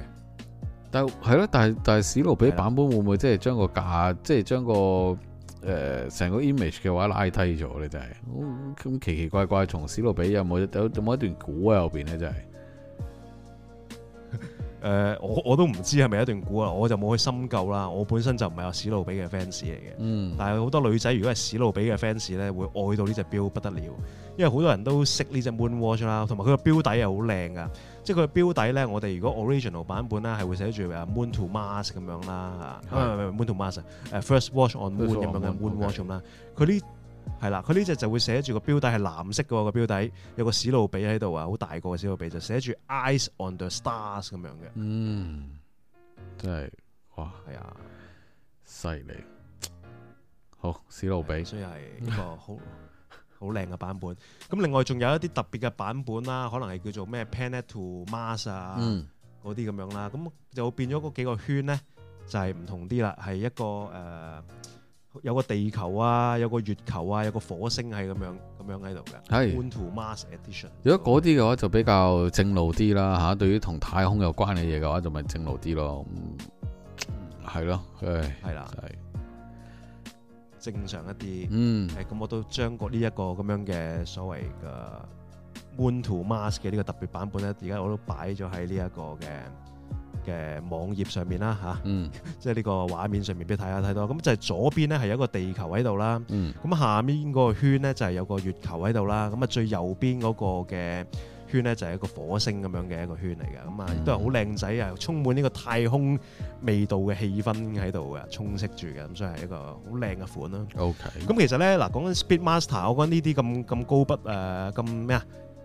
但係咯，但係但係史努比版本會唔會將個即係將個價，即係將個誒成個 image 嘅話拉低咗咧？就係咁奇奇怪怪，從史努比有冇有冇一段古喺後邊咧？就係。誒、呃，我我都唔知係咪一段古啊，我就冇去深究啦。我本身就唔係有史努比嘅 fans 嚟嘅，嗯。但係好多女仔如果係史努比嘅 fans 咧，會愛到呢隻表不得了，因為好多人都識呢隻 Moon Watch 啦，同埋佢個表底又好靚噶，即係佢個表底咧，我哋如果 original 版本咧係會寫住 Moon to Mars 咁樣啦嚇，係唔係 Moon to Mars，誒 First Watch on Moon 咁對樣嘅 Moon Watch 咁啦，佢呢？係啦，佢呢隻就會寫住個標底係藍色嘅喎，個標底有個史努比喺度啊，好大個史努比就寫住 Eyes on the stars 咁樣嘅。嗯，真係哇，係啊，犀利。好，史努比、啊、所以係一個好好靚嘅版本。咁另外仲有一啲特別嘅版本啦，可能係叫做咩？Planet to Mars 啊，嗰啲咁樣啦。咁就變咗嗰幾個圈咧，就係、是、唔同啲啦，係一個誒。呃有個地球啊，有個月球啊，有個火星係咁樣咁樣喺度嘅。係是。One to Mars Edition。如果嗰啲嘅話就比較正路啲啦嚇、嗯啊，對於同太空有關嘅嘢嘅話就咪正路啲咯。嗯，係咯，係。係啦，係是。正常一啲，嗯，咁、欸、我都將過呢一個咁樣嘅所謂嘅 One to Mars 嘅呢個特別版本咧，而家我都擺咗喺呢一個嘅。嘅網頁上面啦嚇，即係呢個畫面上面俾你睇下睇多，咁就係左邊呢係一個地球喺度啦，咁下面嗰個圈呢就係有個月球喺度啦，咁啊最右邊嗰個嘅圈呢就係一個火星咁樣嘅一個圈嚟嘅，咁啊都係好靚仔啊，充滿呢個太空味道嘅氣氛喺度嘅，充斥住嘅，咁所以係一個好靚嘅款啦。OK，咁其實呢嗱講緊 Speedmaster，我覺得呢啲咁咁高筆誒咁咩啊？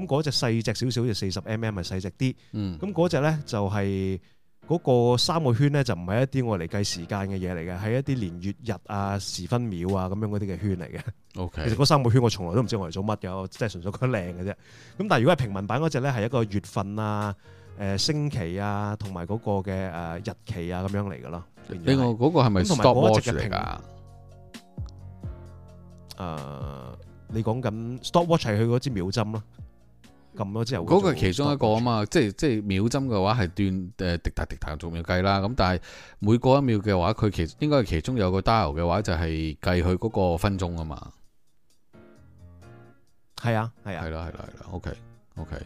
咁嗰隻細隻少少，好似四十 mm，係細隻啲。咁嗰隻咧就係嗰個三個圈咧，就唔係一啲我嚟計時間嘅嘢嚟嘅，係一啲年月日啊、時分秒啊咁樣嗰啲嘅圈嚟嘅。OK，其實嗰三個圈我從來都唔知我嚟做乜嘅，我即係純粹覺得靚嘅啫。咁但係如果係平民版嗰隻咧，係一個月份啊、誒星期啊，同埋嗰個嘅誒日期啊咁樣嚟噶咯。另外嗰個係咪？咁同埋嗰一隻嘅停。誒，你講緊 stopwatch 係佢嗰支秒針咯。咁多之後，嗰個係其中一個啊嘛，即係即係秒針嘅話係斷誒滴答滴答仲要計啦。咁但係每過一秒嘅話，佢其實應該係其中有個 dial 嘅話，就係計佢嗰個分鐘啊嘛。係啊，係啊，係啦，係啦，OK，OK。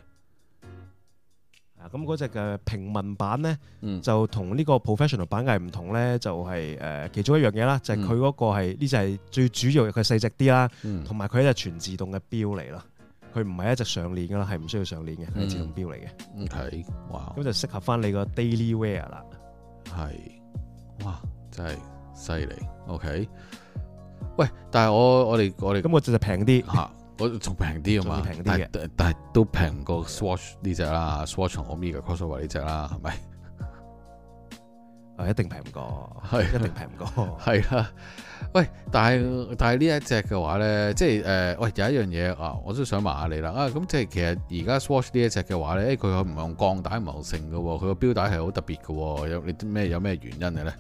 啊，咁嗰隻嘅平民版呢，嗯、就同呢個 professional 版係唔同呢，就係、是、誒、呃、其中一樣嘢啦，就係佢嗰個係呢，就係、嗯、最主要佢細隻啲啦，同埋佢係全自動嘅錶嚟囉。.佢唔係一直上鏈噶啦，係唔需要上鏈嘅，係、嗯、自動表嚟嘅。係哇、okay, wow，咁就適合翻你個 daily wear 啦。係哇，真係犀利。OK，喂，但係我我哋我哋咁我就就平啲吓，我仲平啲啊嘛，平啲嘅。 但係都平過 Swatch 呢隻啦，Swatch 同 Omega 嘅 crossover 呢隻啦，係咪？一定平唔過，係、啊、一定平唔過，係啦、啊。喂，但係但係呢一隻嘅話咧，即係誒、呃，喂有一樣嘢啊，我都想問下你啦。啊，咁即係其實而家 Swatch 呢一隻嘅話咧，佢唔係用鋼帶成，唔係用繩嘅喎，佢個錶帶係好特別嘅喎。有你咩有咩原因嘅咧？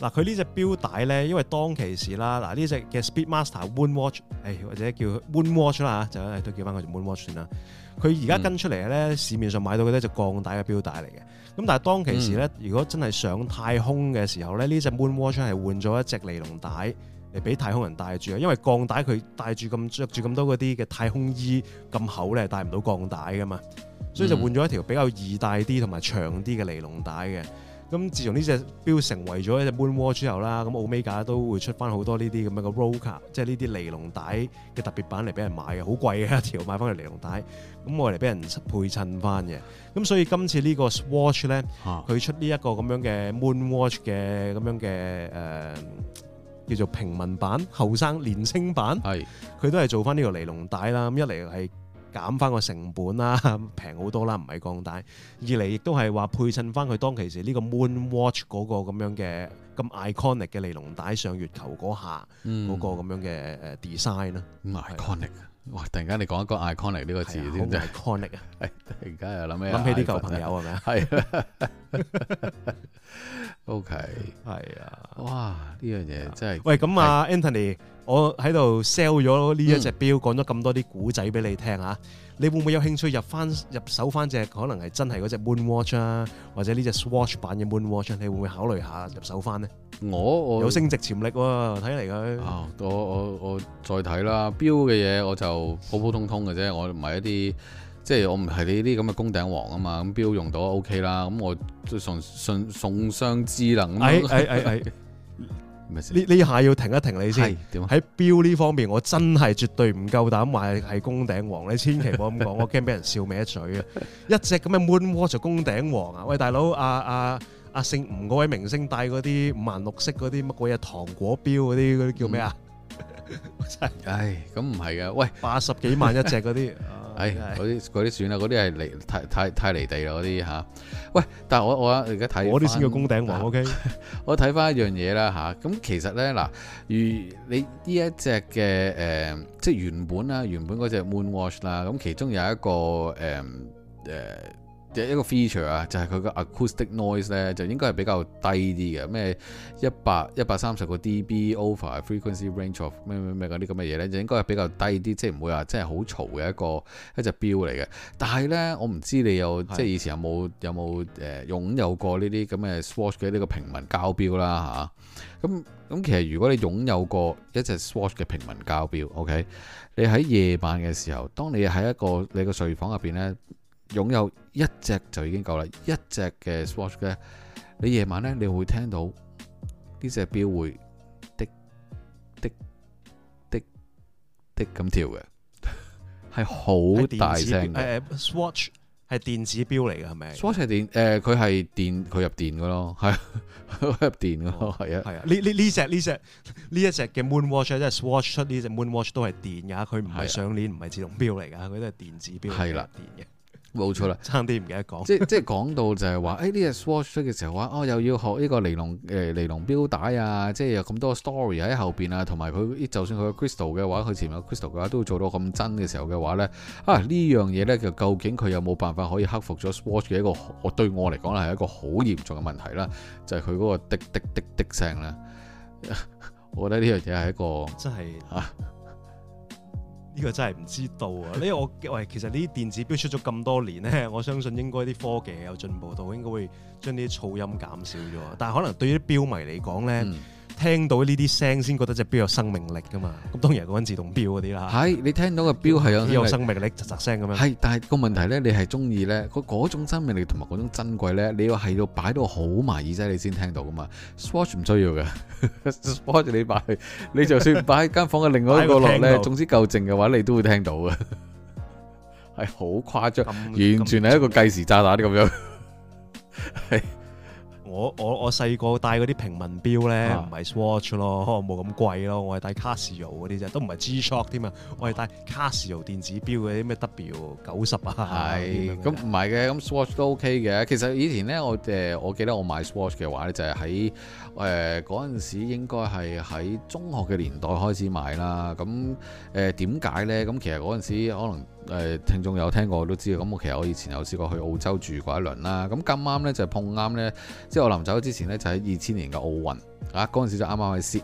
嗱，佢呢隻錶帶咧，因為當其時啦，嗱、啊、呢隻嘅 Speedmaster Moonwatch，誒、哎、或者叫 Moonwatch 啦、啊，就都叫翻佢做 Moonwatch 算啦。佢而家跟出嚟咧，嗯、市面上買到嘅呢就鋼帶嘅錶帶嚟嘅。但係當時、嗯、如果真係上太空嘅時候咧，呢隻 Moonwatch 係換咗一隻尼龍帶嚟俾太空人戴住，因為鋼帶佢戴住咁著住咁多嗰啲嘅太空衣咁厚咧，係戴唔到鋼帶㗎嘛，所以就換咗一條比較易戴啲同埋長啲嘅尼龍帶嘅。咁自從呢隻錶成為咗一隻 Moon Watch 之後啦，咁 Omega 都會出翻好多呢啲咁樣嘅 Role 卡，即係呢啲尼龍帶嘅特別版嚟俾人買嘅，好貴嘅一條買翻條尼龍帶，咁我嚟俾人配襯翻嘅。咁所以今次個呢個 Swatch 咧，佢、啊、出呢一個咁樣嘅 Moon Watch 嘅咁樣嘅誒、呃、叫做平民版、後生年青版，係佢是都係做翻呢個尼龍帶啦。咁一嚟係。減翻個成本啦，平好多啦，唔係鋼帶。二嚟亦都係話配襯翻佢當其時呢個 Moon Watch 嗰個咁樣嘅咁 iconic 嘅尼龍帶上月球嗰下嗰、嗯、個咁樣嘅誒 design 啦，iconic。哇！突然間你講一個 iconic 呢個字先，就係 iconic 啊！係，ic 突然間又諗咩？諗起啲舊朋友係咪啊？係。O K，係啊！哇是！呢樣嘢真係。喂，咁啊，Anthony，我喺度 sell 咗呢一隻表，講咗咁多啲古仔俾你聽啊！嗯你會唔會有興趣入翻入手翻隻可能係真係嗰隻 Moon Watch 啊，或者呢隻 Swatch 版嘅 Moon Watch，啊、你會唔會考慮下入手翻呢？我，我有升值潛力喎、啊，睇嚟佢。啊，我我我再睇啦，錶嘅嘢我就普普通通嘅啫，我唔係一啲即係我唔係呢啲咁嘅工頂王啊嘛，咁錶用到 OK 啦，咁我就送送送雙智能。哎哎哎哎！呢呢下要停一停你先，喺表呢方面我真係絕對唔夠膽話係工頂王，你千祈唔好咁講， 我驚俾人笑歪一嘴啊！一隻咁嘅 Moonwatch 工頂王啊，喂大佬阿阿阿姓吳嗰位明星戴嗰啲五顏六色嗰啲乜鬼嘢糖果表嗰啲嗰啲叫咩啊？嗯唉，咁唔係噶，喂，八十幾萬一隻嗰啲，唉、 哎，嗰啲啲算啦，嗰啲係離太太太離地啦，嗰啲吓。喂，但係我我而家睇，我啲先叫攻頂王，O K。Okay? 我睇翻一樣嘢啦吓，咁、啊、其實咧嗱，如你呢一隻嘅誒，即係原本啦，原本嗰隻 Moonwatch 啦，咁其中有一個誒誒。呃呃一個 feature 啊，就係佢個 acoustic noise 咧，就應該係比較低啲嘅。咩一百一百三十個 dB over frequency range of 咩咩咩啲咁嘅嘢咧，就應該係比較低啲，就是，即係唔會話即係好嘈嘅一個一隻錶嚟嘅。但係咧，我唔知你有即係以前有冇有冇誒擁有過呢啲咁嘅 swatch 嘅呢個平民膠錶啦嚇。咁、啊、咁其實如果你擁有過一隻 swatch 嘅平民膠錶，OK，你喺夜晚嘅時候，當你喺一個你個睡房入邊咧。擁有一隻就已經夠啦！一隻嘅 Swatch 咧，你夜晚咧，你會聽到呢隻表會滴滴滴滴咁跳嘅，係好大聲嘅。誒 Swatch 係電子表嚟嘅，係咪？Swatch 係電誒，佢係電佢入電嘅咯，係啊，入電咯，係啊。係啊，呢呢呢隻呢隻呢一隻嘅 Moon Watch 即係 Swatch 出呢隻 Moon Watch 都係電嘅，佢唔係上鏈，唔係自動表嚟嘅，佢都係電子表，係啦，電嘅。冇錯啦，錯差啲唔記得講，即 即講到就係話，誒、哎、呢隻、這個、Swatch 出嘅時候話，哦又要學呢個尼龍誒、呃、尼龍錶帶啊，即係有咁多 story 喺後邊啊，同埋佢就算佢個 Crystal 嘅話，佢前面有 Crystal 嘅話，都會做到咁真嘅時候嘅話咧，啊呢樣嘢咧就究竟佢有冇辦法可以克服咗 Swatch 嘅一個，我對我嚟講咧係一個好嚴重嘅問題啦，就係佢嗰個滴滴滴滴聲咧、啊，我覺得呢樣嘢係一個真係是啊。呢個真係唔知道啊！呢我喂，其實呢啲電子錶出咗咁多年咧，我相信應該啲科技有進步到，應該會將啲噪音減少咗。 但係可能對於啲錶迷嚟講咧，嗯聽到呢啲聲先覺得隻錶有生命力噶嘛，咁當然係講緊自動錶嗰啲啦。係，你聽到個錶係有有生命力，喳喳聲咁樣。係，但係個問題咧，你係中意咧，佢嗰種生命力同埋嗰種珍貴咧，你話係要擺到好埋耳仔你先聽到噶嘛？Swatch 唔需要嘅，Swatch 你擺，你就算擺喺間房嘅另外一個落咧，總之夠靜嘅話，你都會聽到嘅。係好誇張，完全係一個計時炸彈咁樣。係。我我我細個戴嗰啲平民表咧，唔係、啊、Swatch 咯，可能冇咁貴咯，我係戴 Casio 嗰啲啫，都唔係 G-Shock 添啊，我係戴 Casio 電子表嗰啲咩 W 九十啊，係咁唔係嘅，咁 Swatch 都 OK 嘅。其實以前咧，我誒、呃，我記得我買 Swatch 嘅話咧，就係喺誒嗰陣時應該係喺中學嘅年代開始買啦。咁誒點解咧？咁、呃、其實嗰陣時可能。誒聽眾有聽過我都知，咁我其實我以前有試過去澳洲住過一輪啦，咁咁啱呢，就碰啱呢。即係我臨走之前呢，就喺二千年嘅奧運啊，嗰陣時就啱啱喺 Sydney，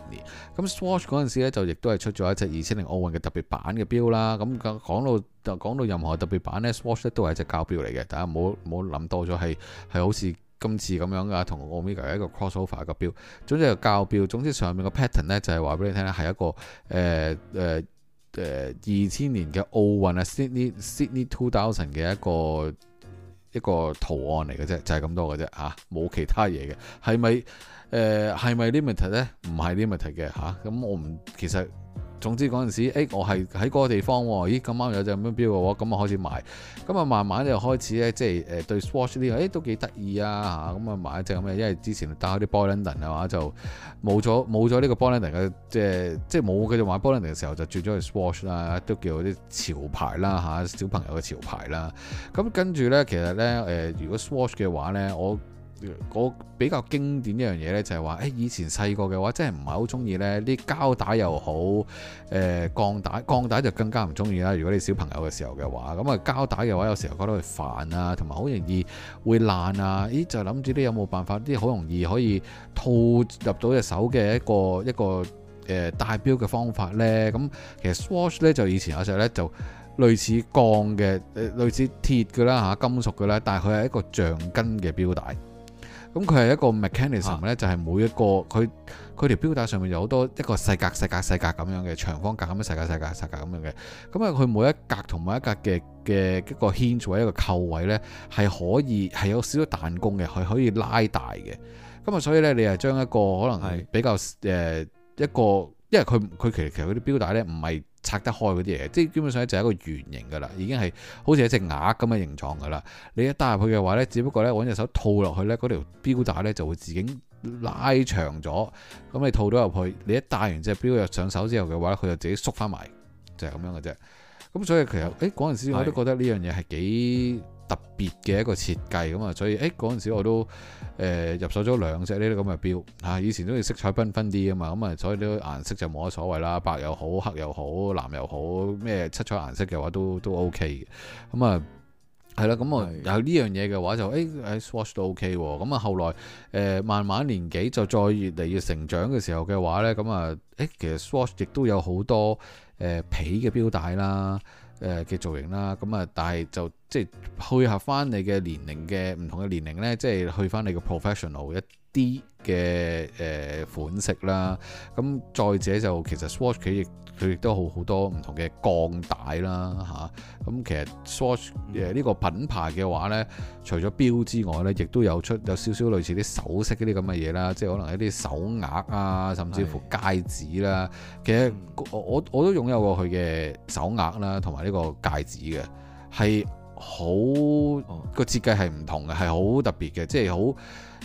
咁 Swatch 嗰陣時呢就亦都係出咗一隻二千年奧運嘅特別版嘅表啦，咁講到講到任何特別版，Swatch 呢都係一隻膠表嚟嘅，大家唔好唔好諗多咗係係好似今次咁樣噶，同 Omega 一個 crossover 嘅表，總之係膠表，總之上面個 pattern 呢，就係話俾你聽咧係一個誒誒。呃呃誒二千年嘅奧運啊，Sydney Sydney 2000嘅一個一個圖案嚟嘅啫，就係、是、咁多嘅啫嚇，冇、啊、其他嘢嘅，係咪誒係咪 limited 咧？唔係 limited 嘅嚇，咁、啊嗯、我唔其實。總之嗰陣時，欸、我係喺嗰個地方、哦、咦咁啱有隻咁樣錶嘅，咁啊開始買，咁啊慢慢又開始咧，即係誒對 Swatch 呢、呢個，誒、欸、都幾得意啊嚇，咁啊買一隻咁嘅，因為之前打開啲 Boy London 的啊嘛，就冇咗冇咗呢個 Boy London 的嘅，即係即係冇繼續買 Boy London 嘅時候，就轉咗去 Swatch 啦，都叫做啲潮牌啦嚇，小朋友嘅潮牌啦。咁跟住咧，其實咧誒、呃，如果 Swatch 嘅話咧，我。我比較經典一樣嘢咧，就係話誒，以前細個嘅話，真係唔係好中意咧。啲膠帶又好，誒、呃、鋼帶鋼帶就更加唔中意啦。如果你小朋友嘅時候嘅話，咁、嗯、啊膠帶嘅話，有時候覺得佢煩啊，同埋好容易會爛啊。咦，就諗住啲有冇辦法啲好容易可以套入到隻手嘅一個一個誒、呃、帶錶嘅方法咧？咁、嗯、其實 Swatch 咧就以前有時候咧就類似鋼嘅誒，類似鐵嘅啦嚇、啊、金屬嘅啦，但係佢係一個橡筋嘅錶帶。咁佢係一個 mechanism 上咧，就係每一個佢佢條表帶上面有好多一個細格細格細格咁樣嘅長方格咁嘅細格細格細格咁樣嘅，咁啊佢每一格同每一格嘅嘅一個牽位、e, 一個扣位咧，係可以係有少少彈弓嘅，係可以拉大嘅，咁、嗯、啊所以咧你係將一個可能係比較誒是、呃、一個，因為佢佢其實其實佢啲表帶咧唔係。拆得開嗰啲嘢，即係基本上就係一個圓形噶啦，已經係好似一隻鈪咁嘅形狀噶啦。你一戴入去嘅話呢，只不過呢揾隻手套落去呢，嗰條錶帶咧就會自己拉長咗。咁你套咗入去，你一戴完隻錶入上手之後嘅話，佢就自己縮翻埋，就係、是、咁樣嘅啫。咁所以其實誒嗰陣時我都覺得呢樣嘢係幾～特別嘅一個設計咁啊，所以誒嗰陣時我都誒、呃、入手咗兩隻呢啲咁嘅表嚇，以前都要色彩繽紛啲啊嘛，咁啊所以呢個顏色就冇乜所謂啦，白又好，黑又好，藍又好，咩七彩顏色嘅話都都 OK 嘅，咁啊係啦，咁啊有呢樣嘢嘅話就誒誒、欸、Swatch 都 OK 喎，咁啊後來誒、呃、慢慢年紀就再越嚟越成長嘅時候嘅話咧，咁啊誒其實 Swatch 亦都有好多誒、呃、皮嘅表帶啦。誒嘅造型啦，咁啊，但係就即係配合翻你嘅年齡嘅唔同嘅年齡咧，即係去翻你嘅 professional 一啲嘅誒款式啦。咁再者就其實 swatch 佢亦～佢亦都好好多唔同嘅鋼帶啦，嚇咁。其實 Swatch 誒呢個品牌嘅話咧，除咗錶之外咧，亦都有出有少少類似啲首飾嗰啲咁嘅嘢啦，即係可能一啲手鐲啊，甚至乎戒指啦、啊。是其實我我我都擁有過佢嘅手鐲啦、啊，同埋呢個戒指嘅係好個設計係唔同嘅，係好特別嘅，即係好。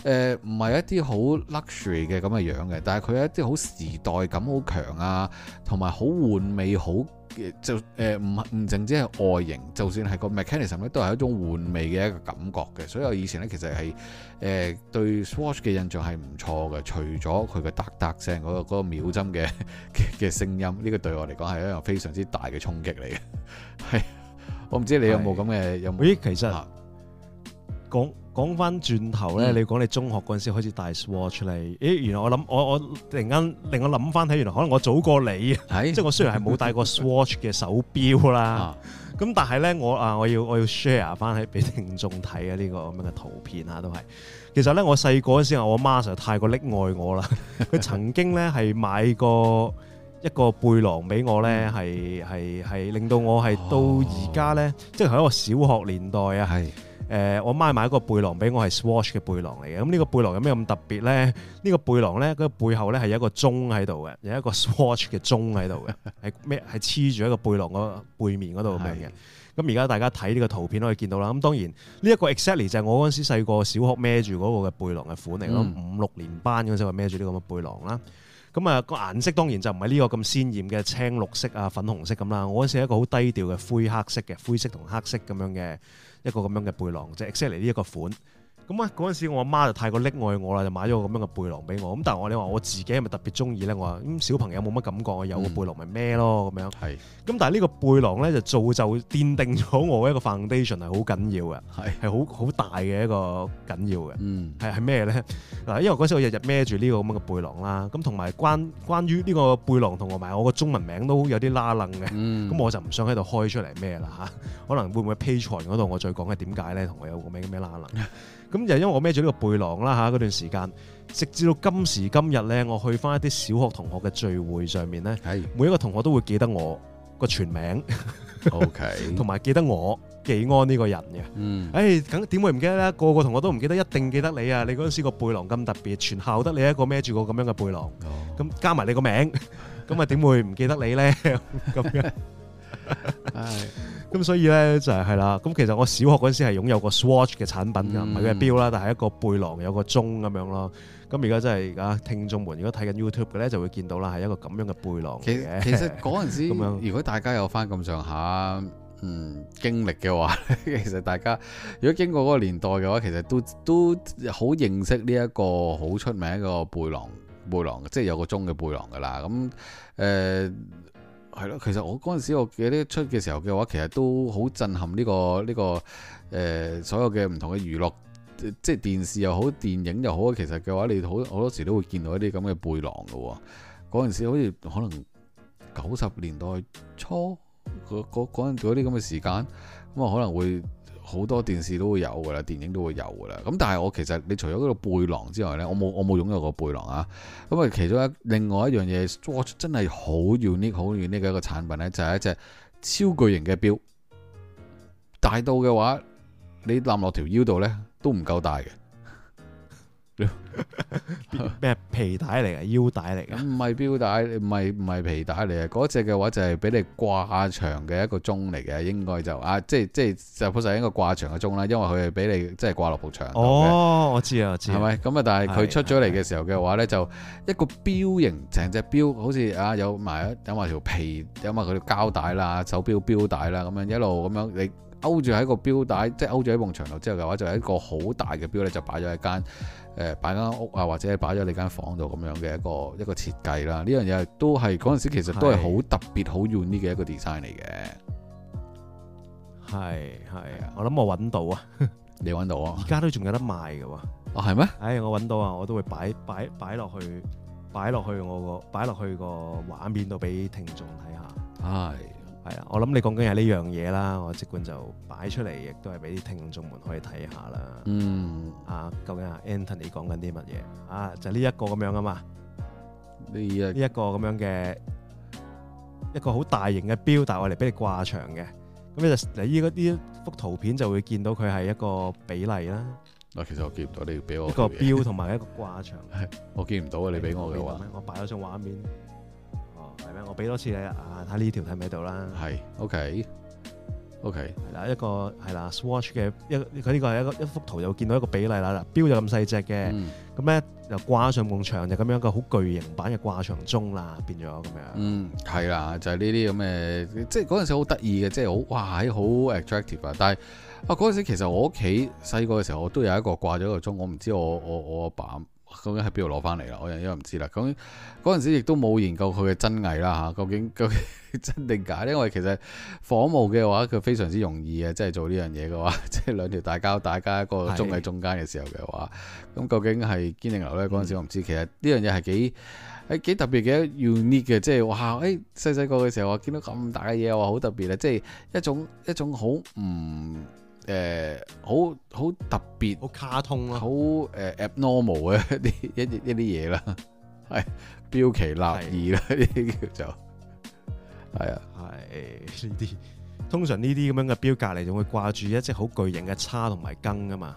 誒，唔係、呃、一啲好 luxury 嘅咁嘅樣嘅，但係佢一啲好時代感好強啊，同埋好玩味好，就誒唔唔淨止係外形，就算係個 mechanism 咧，都係一種玩味嘅一個感覺嘅。所以我以前咧，其實係誒、呃、對 Swatch 嘅印象係唔錯嘅，除咗佢嘅嗒嗒聲嗰個、嗰個秒針嘅嘅聲音，呢、呢個對我嚟講係一個非常之大嘅衝擊嚟嘅。係， 我唔知你有冇咁嘅有冇。誒，其實講。啊講翻轉頭咧，你講你中學嗰陣時開始戴 swatch 嚟，誒，原來我諗，我我突然間令我諗翻起，原來可能我早過你，係，即係我雖然係冇戴過 swatch 嘅手錶啦，咁但係咧，我啊，我要我要 share 翻去俾聽眾睇啊，呢個咁嘅圖片啊，都係。其實咧，我細個嗰陣時啊，我媽實在太過溺愛我啦，佢曾經咧係買過一個背囊俾我咧，係係係令到我係到而家咧，即係喺一個小學年代啊，係。誒，我媽買一個背囊俾我，係 Swatch 嘅背囊嚟嘅。咁、這、呢個背囊有咩咁特別咧？呢、這個背囊咧，佢背後咧係有一個鐘喺度嘅，有一個 Swatch 嘅鐘喺度嘅，係咩？係黐住一個背囊嗰背面嗰度嚟嘅。咁而家大家睇呢個圖片可以見到啦。咁當然呢一、這個 exactly 就係我嗰陣時細個小，小學孭住嗰個嘅背囊嘅款嚟咯。嗯、五六年班嗰陣時話孭住呢咁嘅背囊啦。咁啊個顏色當然就唔係呢個咁鮮豔嘅青綠色啊、粉紅色咁啦。我嗰時係一個好低調嘅灰黑色嘅灰色同黑色咁樣嘅。一個咁樣嘅背囊，即係 Excelly 呢一個款。咁啊，嗰陣時我阿媽就太過溺愛我啦，就買咗個咁樣嘅背囊俾我。咁但係我你話我自己係咪特別中意咧？我話咁小朋友冇乜感覺，我有個背囊咪孭咯咁、嗯、樣。係是。咁但係呢個背囊咧就造就奠定咗我一個 foundation 係好緊要嘅，係係好好大嘅一個緊要嘅。嗯。係咩咧？嗱，因為嗰時我日日孭住呢個咁樣嘅背囊啦。咁同埋關關於呢個背囊同埋我個中文名都有啲拉楞嘅。咁、嗯、 我就唔想喺度開出嚟孭啦嚇。可能會唔會 Patreon 嗰度我再講嘅點解咧？同我有個名咩拉楞？ 咁就因為我孭住呢個背囊啦嚇，嗰、啊、段時間，直至到今時今日咧，我去翻一啲小學同學嘅聚會上面咧，Hey. 每一個同學都會記得我個全名，OK，同埋 記得我紀安呢個人嘅。嗯，唉、哎，咁點會唔記得咧？個個同學都唔記得，一定記得你啊！你嗰陣時個背囊咁特別，全校得你一個孭住個咁樣嘅背囊，咁、oh. 加埋你個名，咁啊點會唔記得你咧？咁樣。係，咁 Hi. 所以呢，就係、是、啦。咁其實我小學嗰時係擁有個 Swatch 嘅產品噶，唔係嘅表啦，嗯、但係一個背囊有個鐘咁樣咯。咁而家真係而家聽眾們如果睇緊 YouTube 嘅呢，就會見到啦，係一個咁樣嘅背囊其。其實嗰陣時咁樣， 如果大家有翻咁上下嗯經歷嘅話，其實大家如果經過嗰個年代嘅話，其實都都好認識呢、這、一個好出名一個背囊背囊，即、就、係、是、有個鐘嘅背囊噶啦。咁誒。呃係咯，其實我嗰陣時我記得出嘅時候嘅話，其實都好震撼呢、呢個呢、呢個誒、呃、所有嘅唔同嘅娛樂，即係電視又好，電影又好，其實嘅話你好好多時都會見到一啲咁嘅背囊噶喎。嗰陣時好似可能九十年代初嗰陣嗰啲咁嘅時間，咁、嗯、啊可能會。好多電視都會有噶啦，電影都會有噶啦。咁但係我其實你除咗嗰個背囊之外呢，我冇我冇擁有個背囊啊。咁啊，其中一另外一樣嘢，哇！真係好 unique、好 unique 嘅一個產品呢，就係一隻超巨型嘅錶，大到嘅話你攬落條腰度呢，都唔夠大嘅。咩 皮帶嚟啊？腰帶嚟啊？唔係表帶，唔係唔係皮帶嚟啊？嗰隻嘅話就係俾你掛牆嘅一個鐘嚟嘅，應該就啊，即係即係就本身應該掛牆嘅鐘啦。因為佢係俾你即係掛落幅牆。哦，我知啊，我知。係咪咁啊？但係佢出咗嚟嘅時候嘅話咧，的就一個表形，成隻表好似啊有埋、啊、有埋條、啊、皮，有埋佢條膠帶啦，手表表帶啦，咁樣一路咁樣，樣你。你勾住喺個錶帶，即係勾住喺埲牆度之後嘅話，就係、是、一個好大嘅錶咧，就擺咗一間誒，擺間屋啊，或者係擺咗你間房度咁樣嘅一個一個設計啦。呢樣嘢都係嗰陣時其實都係好特別、好 unique 嘅一個 design 嚟嘅。係係啊，我諗我揾到啊， 你揾到啊？而家都仲有得賣嘅喎、啊。哦、啊，係咩？唉、哎，我揾到啊，我都會擺擺擺落去，擺落去我個擺落去個畫面度俾聽眾睇下。係。係啊，我諗你講緊係呢樣嘢啦，我即管就擺出嚟，亦都係俾啲聽眾們可以睇下啦。嗯，啊，究竟阿 Anthony 講緊啲乜嘢？啊，就呢、是啊、一個咁樣啊嘛，呢一呢一個咁樣嘅一個好大型嘅標，帶我嚟俾你掛牆嘅。咁你就你依個呢幅圖片就會見到佢係一個比例啦。嗱，其實我見唔到你俾我一個標同埋一個掛牆。 我見唔到啊！你俾我嘅話，我擺咗上畫面。係咩？我俾多次你啊！睇呢條睇唔喺度啦。係，OK，OK。係、okay，啦、okay，啊，一個係啦、啊，Swatch 嘅一佢呢個係一個，一，個，一，個，一，個一幅圖又見到一個比例啦。嗱、啊，錶就咁細隻嘅，咁咧又掛上幕牆，就咁樣一個好巨型版嘅掛牆鐘啦，變咗咁樣。嗯，係啦、啊，就係呢啲咁嘅，即係嗰陣時好得意嘅，即係好哇喺好 attractive 啊！但係啊，嗰陣時其實我屋企細個嘅時候，我都有一個掛咗一個鐘，我唔知我我我阿爸，爸。究竟喺邊度攞翻嚟啦？我又因為唔知啦。咁嗰陣時亦都冇研究佢嘅真偽啦吓。究竟究竟真定假？因為其實仿冒嘅話，佢非常之容易嘅，即係做呢樣嘢嘅話，即係兩條大交大家一個中喺中間嘅時候嘅話，咁是的 究竟係堅定流咧？嗰陣、嗯、時我唔知。其實呢樣嘢係幾誒幾特別嘅，unique 嘅，即係哇！誒細細個嘅時候啊，見到咁大嘅嘢，我好特別啊！即係一種一種好唔。誒，好好、呃、特別，好卡通咯，好誒 abnormal 嘅一啲一啲一啲嘢啦，係標奇立異啦，呢啲叫做，係啊，係呢啲通常呢啲咁樣嘅錶隔籬仲會掛住一隻好巨型嘅叉同埋羹噶嘛，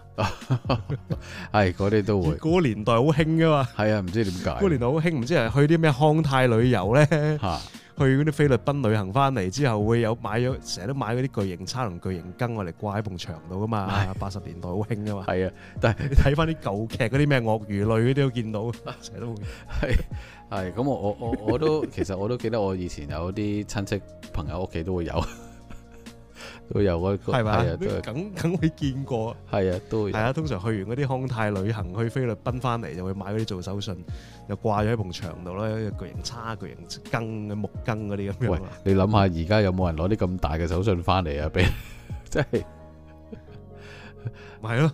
係嗰啲都會，嗰、啊、個年代好興噶嘛，係啊，唔知點解嗰年代好興，唔知係去啲咩康泰旅遊咧。去嗰啲菲律賓旅行翻嚟之後，會有買咗成日都買嗰啲巨型叉同巨型羹，我嚟掛喺埲牆度噶嘛。八十年代好興噶嘛。係啊，但係睇翻啲舊劇嗰啲咩鱷魚類嗰啲都見到，成日都會係係。咁我我我我都其實我都記得，我以前有啲親戚朋友屋企都會有，都有嗰個係嘛？梗梗會見過。係啊，都會係啊。通常去完嗰啲康泰旅行去菲律賓翻嚟，就會買嗰啲做手信。又掛咗喺埲牆度咧，巨型叉、巨型羹嘅木羹嗰啲咁樣。喂，你諗下而家有冇人攞啲咁大嘅手信翻嚟啊？俾即係，咪係咯？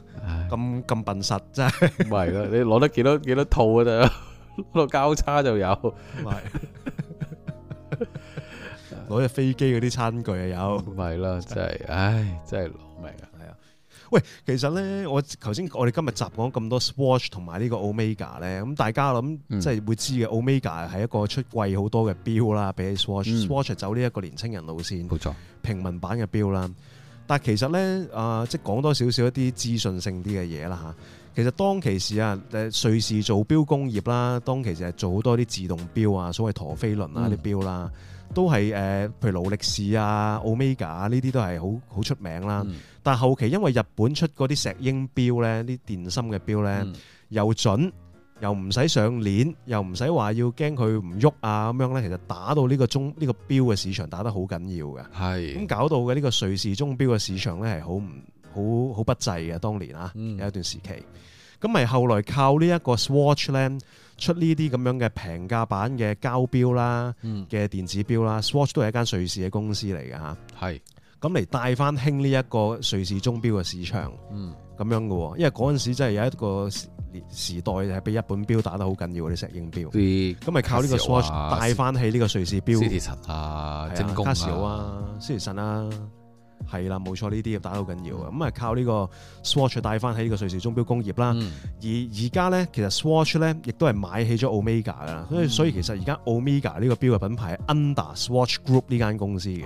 咁咁笨實真係，咪係咯？你攞得幾多幾多套啊？就攞到交叉就有，咪攞隻飛機嗰啲餐具啊有，咪係咯？真係，唉，真係攞命啊！喂，其實咧，我頭先我哋今日集講咁多 Swatch 同埋呢個 Omega 咧，咁大家諗即係會知嘅、嗯、，Omega 係一個出貴好多嘅表啦，比起 Swatch，Swatch、嗯、Sw 走呢一個年青人路線，冇錯，平民版嘅表啦。但係其實咧，啊、呃，即係講多少少一啲資訊性啲嘅嘢啦嚇。其實當其時啊，瑞士做表工業啦，當其時係做好多啲自動表啊，所謂陀飛輪啊啲表啦，都係誒、呃，譬如勞力士啊、Omega 啊，呢啲都係好好出名啦。嗯但後期因為日本出嗰啲石英表咧，啲電芯嘅表咧又準，又唔使上鏈，又唔使話要驚佢唔喐啊咁樣咧，其實打到呢個鐘呢個表嘅市場打得好緊要嘅。係咁是搞到嘅呢個瑞士鐘表嘅市場咧係好唔好好不濟嘅，當年啊、嗯、有一段時期。咁咪後來靠呢一個 Swatch 咧出呢啲咁樣嘅平價版嘅膠表啦嘅電子表啦，Swatch 都係一間瑞士嘅公司嚟㗎吓。係。咁嚟帶翻興呢一個瑞士鐘錶嘅市場，咁樣嘅喎，因為嗰陣時真係有一個時代係俾日本錶打得好緊要嗰啲石英錶，咁咪靠呢個 Swatch 帶翻起呢個瑞士錶，斯帝晨啊、精工啊、卡西歐啊、斯帝晨啊，係啦冇錯，呢啲要打好緊要啊，咁咪靠呢個 Swatch 帶翻起呢個瑞士鐘錶工業啦。而而家咧，其實 Swatch 咧亦都係買起咗 Omega 嘅，所以所以其實而家 Omega 呢個錶嘅品牌係 under Swatch Group 呢間公司嘅。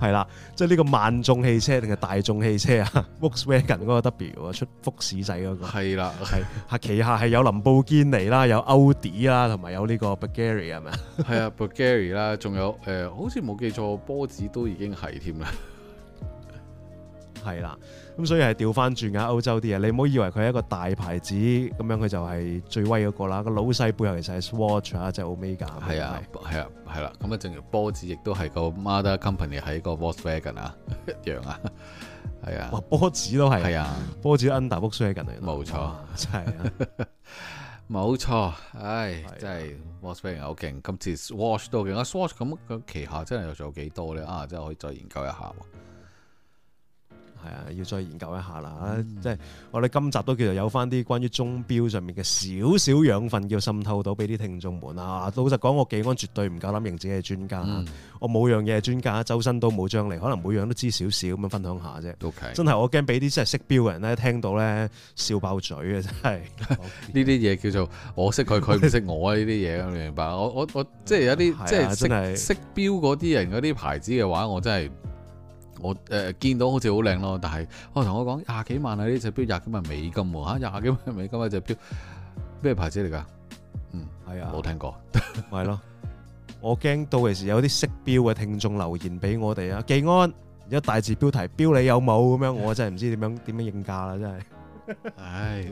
係啦，即係呢個萬眾汽車定係大眾汽車啊？Volkswagen 嗰個 W 出福士仔嗰、嗰個係啦，係嚇旗下係有林布堅尼啦，有歐迪啦，同埋有呢個 Bulgari 係咪啊？係啊，Bulgari 啦，仲有誒，好似冇記錯波子都已經係添啦，係 啦。咁所以係調翻轉下歐洲啲嘢，你唔好以為佢係一個大牌子咁樣，佢就係最威嗰個啦。個老細背後其實係 Swatch 啊，即係 Omega。係啊，係啊，係啦。咁啊，正如波子亦都係個 mother company 喺個 Volkswagen 啊，一樣啊，係啊。波子都係。係啊，波子 under Volkswagen 嚟㗎。冇錯，係。冇 錯，唉，啊、真係 Volkswagen 好勁。今次 Swatch 都勁，Swatch 咁個旗下真係仲有幾多咧？啊，真係可以再研究一下。係啊，要再研究一下啦。即係我哋今集都叫做有翻啲關於鐘表上面嘅少少養分，叫滲透到俾啲聽眾們啊。老實講，我幾安絕對唔夠膽認自己係專家，我冇樣嘢係專家，周身都冇張利，可能每樣都知少少咁樣分享下啫。真係我驚俾啲真係識表嘅人咧聽到咧笑爆嘴嘅，真係呢啲嘢叫做我識佢，佢唔識我呢啲嘢，你明白？我我我即係有啲即係識識表嗰啲人嗰啲牌子嘅話，我真係。我誒見到好似好靚咯，但係我同我講廿幾萬啊！呢隻錶廿幾萬美金喎吓，廿、啊、幾萬美金啊！隻錶咩牌子嚟噶？嗯，係啊，冇聽過，係咯。我驚到期時有啲識錶嘅聽眾留言俾我哋啊，紀安，而家大字標題錶你有冇咁樣？我真係唔知點樣點 樣應價啦，真係。唉、哎，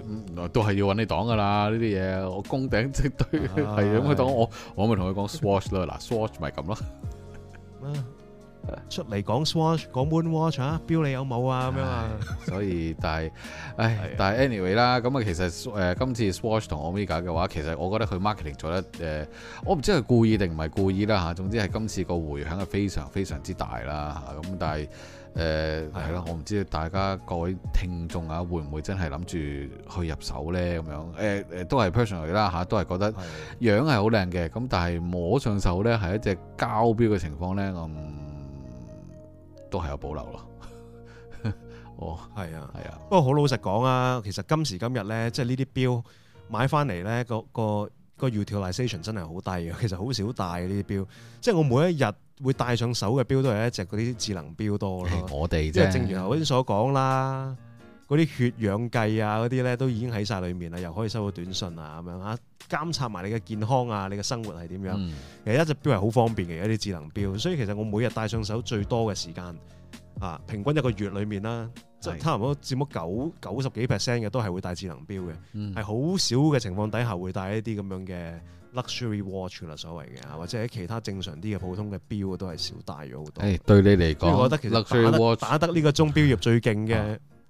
都係要揾你擋噶啦呢啲嘢，我工頂積堆係咁佢擋我。我咪同佢講 swatch 啦，嗱 swatch 咪咁咯。 出嚟講 Swatch 講 Moon Watch 啊，錶你有冇啊？咁樣啊，所以但係，唉， 但係 anyway 啦。咁啊，其實誒、呃、今次 Swatch 同 Omega 嘅話，其實我覺得佢 marketing 做得誒、呃，我唔知係故意定唔係故意啦嚇、啊。總之係今次個迴響係非常非常之大啦嚇。咁、啊、但係誒係咯，我唔知大家各位聽眾啊，會唔會真係諗住去入手咧？咁樣誒誒都係 personally 啦嚇，都係、啊、覺得樣係好靚嘅。咁的但係摸上手咧，係一隻膠錶嘅情況咧咁。嗯都係有保留咯。 哦，係啊，係啊。不過好老實講啊，其實今時今日咧，即係呢啲表買翻嚟咧，個個個 utilization 真係好低。其實好少戴呢啲表。即係我每一日會戴上手嘅表都係一隻嗰啲智能表多啦。 我哋即係正如頭先所講啦。嗰啲血氧計啊，嗰啲咧都已經喺晒裏面啦，又可以收到短信啊，咁樣啊，監察埋你嘅健康啊，你嘅生活係點樣？嗯、其實一隻表係好方便嘅一啲智能表，所以其實我每日戴上手最多嘅時間啊，平均一個月裏面啦，即係是差唔多佔咗九九十幾 percent 嘅都係會帶智能表嘅，係好、嗯、少嘅情況底下會帶一啲咁樣嘅 luxury watch 啦，所謂嘅、啊，或者喺其他正常啲嘅普通嘅表都係少帶咗好多。誒、哎，對你嚟講，我覺得其實打得呢 luxury watch 個鐘錶業最勁嘅。啊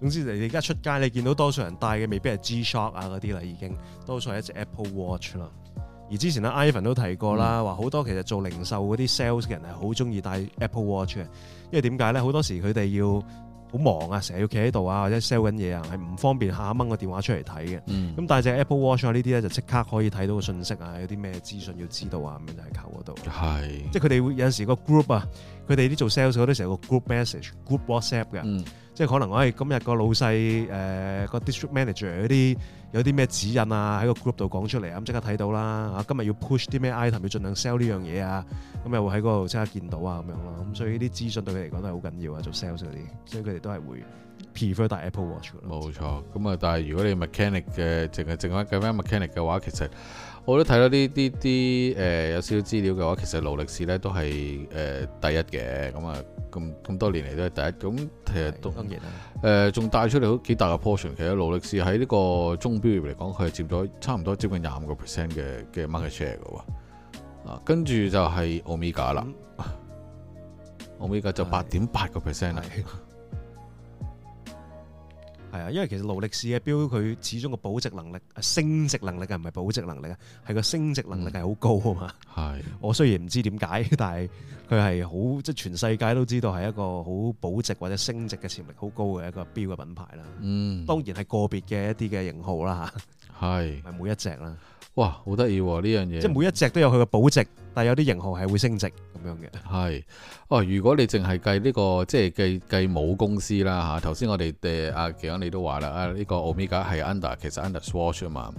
總之，你而家出街，你見到多數人戴嘅未必係 G-Shock 啊嗰啲啦，已經多數係一隻 Apple Watch 啦。而之前咧，Ivan 都提過啦，話好、嗯、多其實做零售嗰啲 sales 嘅人係好中意戴 Apple Watch 嘅，因為點解咧？好多時佢哋要好忙啊，成日要企喺度啊，或者 sell 緊嘢啊，係唔方便下掹個電話出嚟睇嘅。咁戴隻 Apple Watch 啊，呢啲咧就即刻可以睇到個信息啊，有啲咩資訊要知道啊，咁樣就喺頭嗰度。係是，即係佢哋會有時個 group 啊，佢哋啲做 sales 嗰啲成日個 group message、group WhatsApp 嘅。嗯即係可能，哎，今日個老細，誒、呃，個 district manager 嗰啲有啲咩指引啊，喺個 group 度講出嚟，咁即刻睇到啦嚇、啊。今日要 push 啲咩 item，要盡量 sell 呢樣嘢啊，咁、嗯、又會喺嗰度即刻見到啊，咁樣咯。咁所以呢啲資訊對佢嚟講都係好緊要啊，做 sales 嗰啲，所以佢哋都係會 prefer 戴 Apple Watch。冇錯，咁啊，但係如果你 mechanic 嘅，淨係淨係計翻 mechanic 嘅話，其實。我都睇到呢啲啲誒有少少資料嘅話，其實勞力士咧都係誒第一嘅，咁啊咁咁多年嚟都係第一，咁其實都誒仲帶出嚟好幾大嘅 portion。其實勞力士喺呢個鐘錶業嚟講，佢係佔咗差唔多接近廿五個 percent 嘅嘅 market share 喎。啊，跟住就係歐米伽啦，歐米伽就八點八個 percent 啦。對 係啊，因為其實勞力士嘅錶佢始終個保值能力、升值能力係唔係保值能力啊，係個升值能力係好高啊嘛。係、嗯，我雖然唔知點解，但係佢係好，即係全世界都知道係一個好保值或者升值嘅潛力好高嘅一個錶嘅品牌啦。嗯，當然係個別嘅一啲嘅型號啦。係是，唔係每一隻啦。哇，好得意喎！呢樣嘢即係每一隻都有佢嘅保值，但係有啲型號係會升值咁樣嘅。係哦，如果你淨係計呢個即係計計母公司啦嚇，頭、啊、先我哋嘅阿奇你都話啦，啊呢、這個奧米茄係 Under 其實 Under Swatch 啊嘛。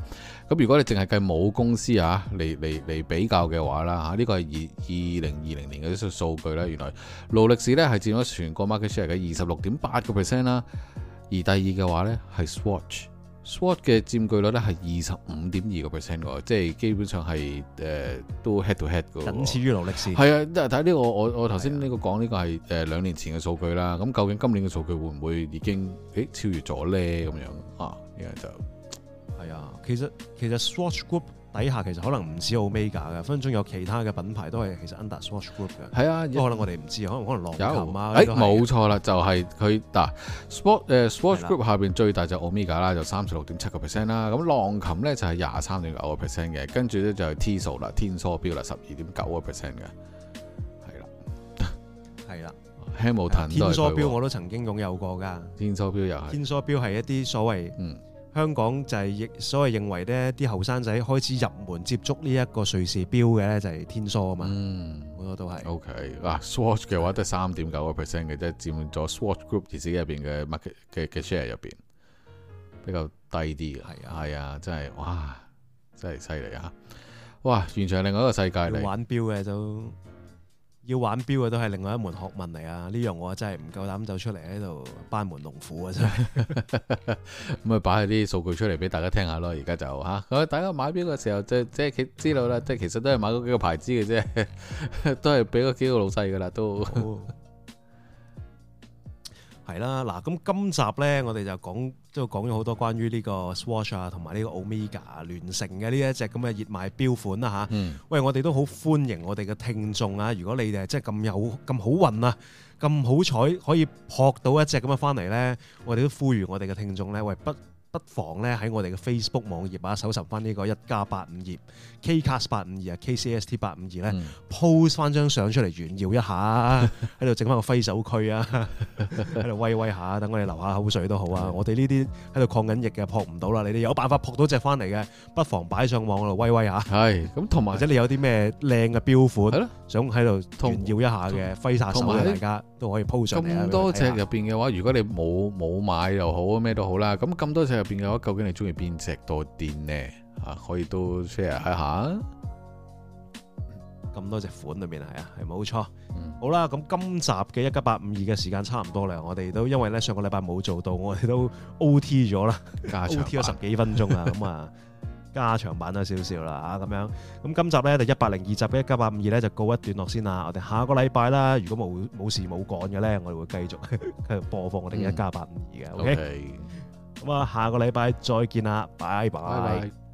咁如果你淨係計母公司嚇嚟嚟嚟比較嘅話啦嚇，呢、啊這個係二二零二零年嘅啲數數據咧，原來勞力士呢係佔咗全國 market share 嘅二十六點八個 percent 啦，而第二嘅話呢係 Swatch。SWOT 嘅佔據率咧係二十五點二個 percent 個，即係基本上係誒、呃、都 head to head 個，僅次於勞力士。係啊，但係睇呢個我我頭先呢個講呢個係誒兩年前嘅數據啦。咁究竟今年嘅數據會唔會已經誒超越咗咧？咁樣啊，呢個就係啊其。其實其實 Swatch Group。底下其實可能唔止 o 奧米加嘅，分分鐘有其他嘅品牌都係其實 Under Swatch Group 嘅。係啊可，可能我哋唔知，可能可能浪琴，冇錯啦，就係佢嗱，Sport 誒、呃、Swatch Group、啊、下邊最大就 Omega 啦，就三十六點七個 percent 啦。咁浪琴咧就係廿三點九個 percent 嘅，跟住咧就係 Tissot 啦，天梭表啦，十二點九個 percent 嘅。係啦，係啦。Hamilton 天梭表我都曾經擁有過㗎。天梭表又係，天梭表係一啲所謂嗯。香港就係亦所謂認為呢啲後生仔開始入門接觸呢一個瑞士表嘅咧，就係天梭啊嘛。嗯，好多都係。O K，嗱，Swatch 嘅話都係三點九個 percent 嘅啫，佔咗 Swatch Group 其實入邊嘅 market 嘅嘅 share 入邊比較低啲嘅。係啊，係啊，真係哇，真係犀利啊！哇，完全係另外一個世界嚟。玩表嘅都。要玩錶嘅，都係另外一門學問嚟啊！呢樣我真係唔夠膽走出嚟喺度班門弄斧啊！真係咁啊，擺啲數據出嚟俾大家聽下咯。而家就嚇、啊，大家買錶嘅時候，即即係佢知道啦，即係其實都係買嗰幾個牌子嘅啫， 都係俾嗰幾個老細噶啦，都。Oh. 係啦，嗱，咁今集咧，我哋就講，即係講咗好多關於呢個 Swatch 啊，同埋呢個 Omega 聯、啊、成嘅呢一隻咁嘅熱賣錶款啦、啊、吓，嗯、喂，我哋都好歡迎我哋嘅聽眾啊！如果你哋係即係咁有咁好運啊，咁好彩可以撲到一隻咁嘅翻嚟咧，我哋都呼籲我哋嘅聽眾咧，喂不～不妨咧喺我哋嘅 Facebook 網頁啊，搜尋翻呢個一家八五二 KCast 八五二啊，KCS-T 八五二咧，po 翻張相出嚟，炫耀一下，喺度整翻個揮手區啊，喺度威威下，等我哋流下口水都好啊！我哋呢啲喺度抗緊疫嘅，撲唔到啦！你哋有辦法撲到隻翻嚟嘅，不妨擺上網度威威下。係。咁同埋，或者你有啲咩靚嘅標款，想喺度炫耀一下嘅，揮下手，大家都可以 po 上嚟啊！咁多隻入邊嘅話，如果你冇冇買又好，咩都好啦，咁咁多隻。入邊嘅究竟你中意邊隻多啲呢？吓可以都 share 下。咁多隻款裏面係啊，係冇錯。錯嗯、好啦，咁今集嘅一加八五二嘅時間差唔多啦，我哋都因為咧上個禮拜冇做到，我哋都 O T 咗啦，O T 咗十幾分鐘啊，咁啊 加長版咗少少啦啊，咁樣。咁今集咧就一百零二集嘅一加八五二咧就告一段落先啦。我哋下個禮拜啦，如果冇冇事冇趕嘅咧，我哋會繼續繼續播放我哋一加八五二嘅。Okay? okay. 咁啊，下個禮拜再見啦，拜拜。拜拜。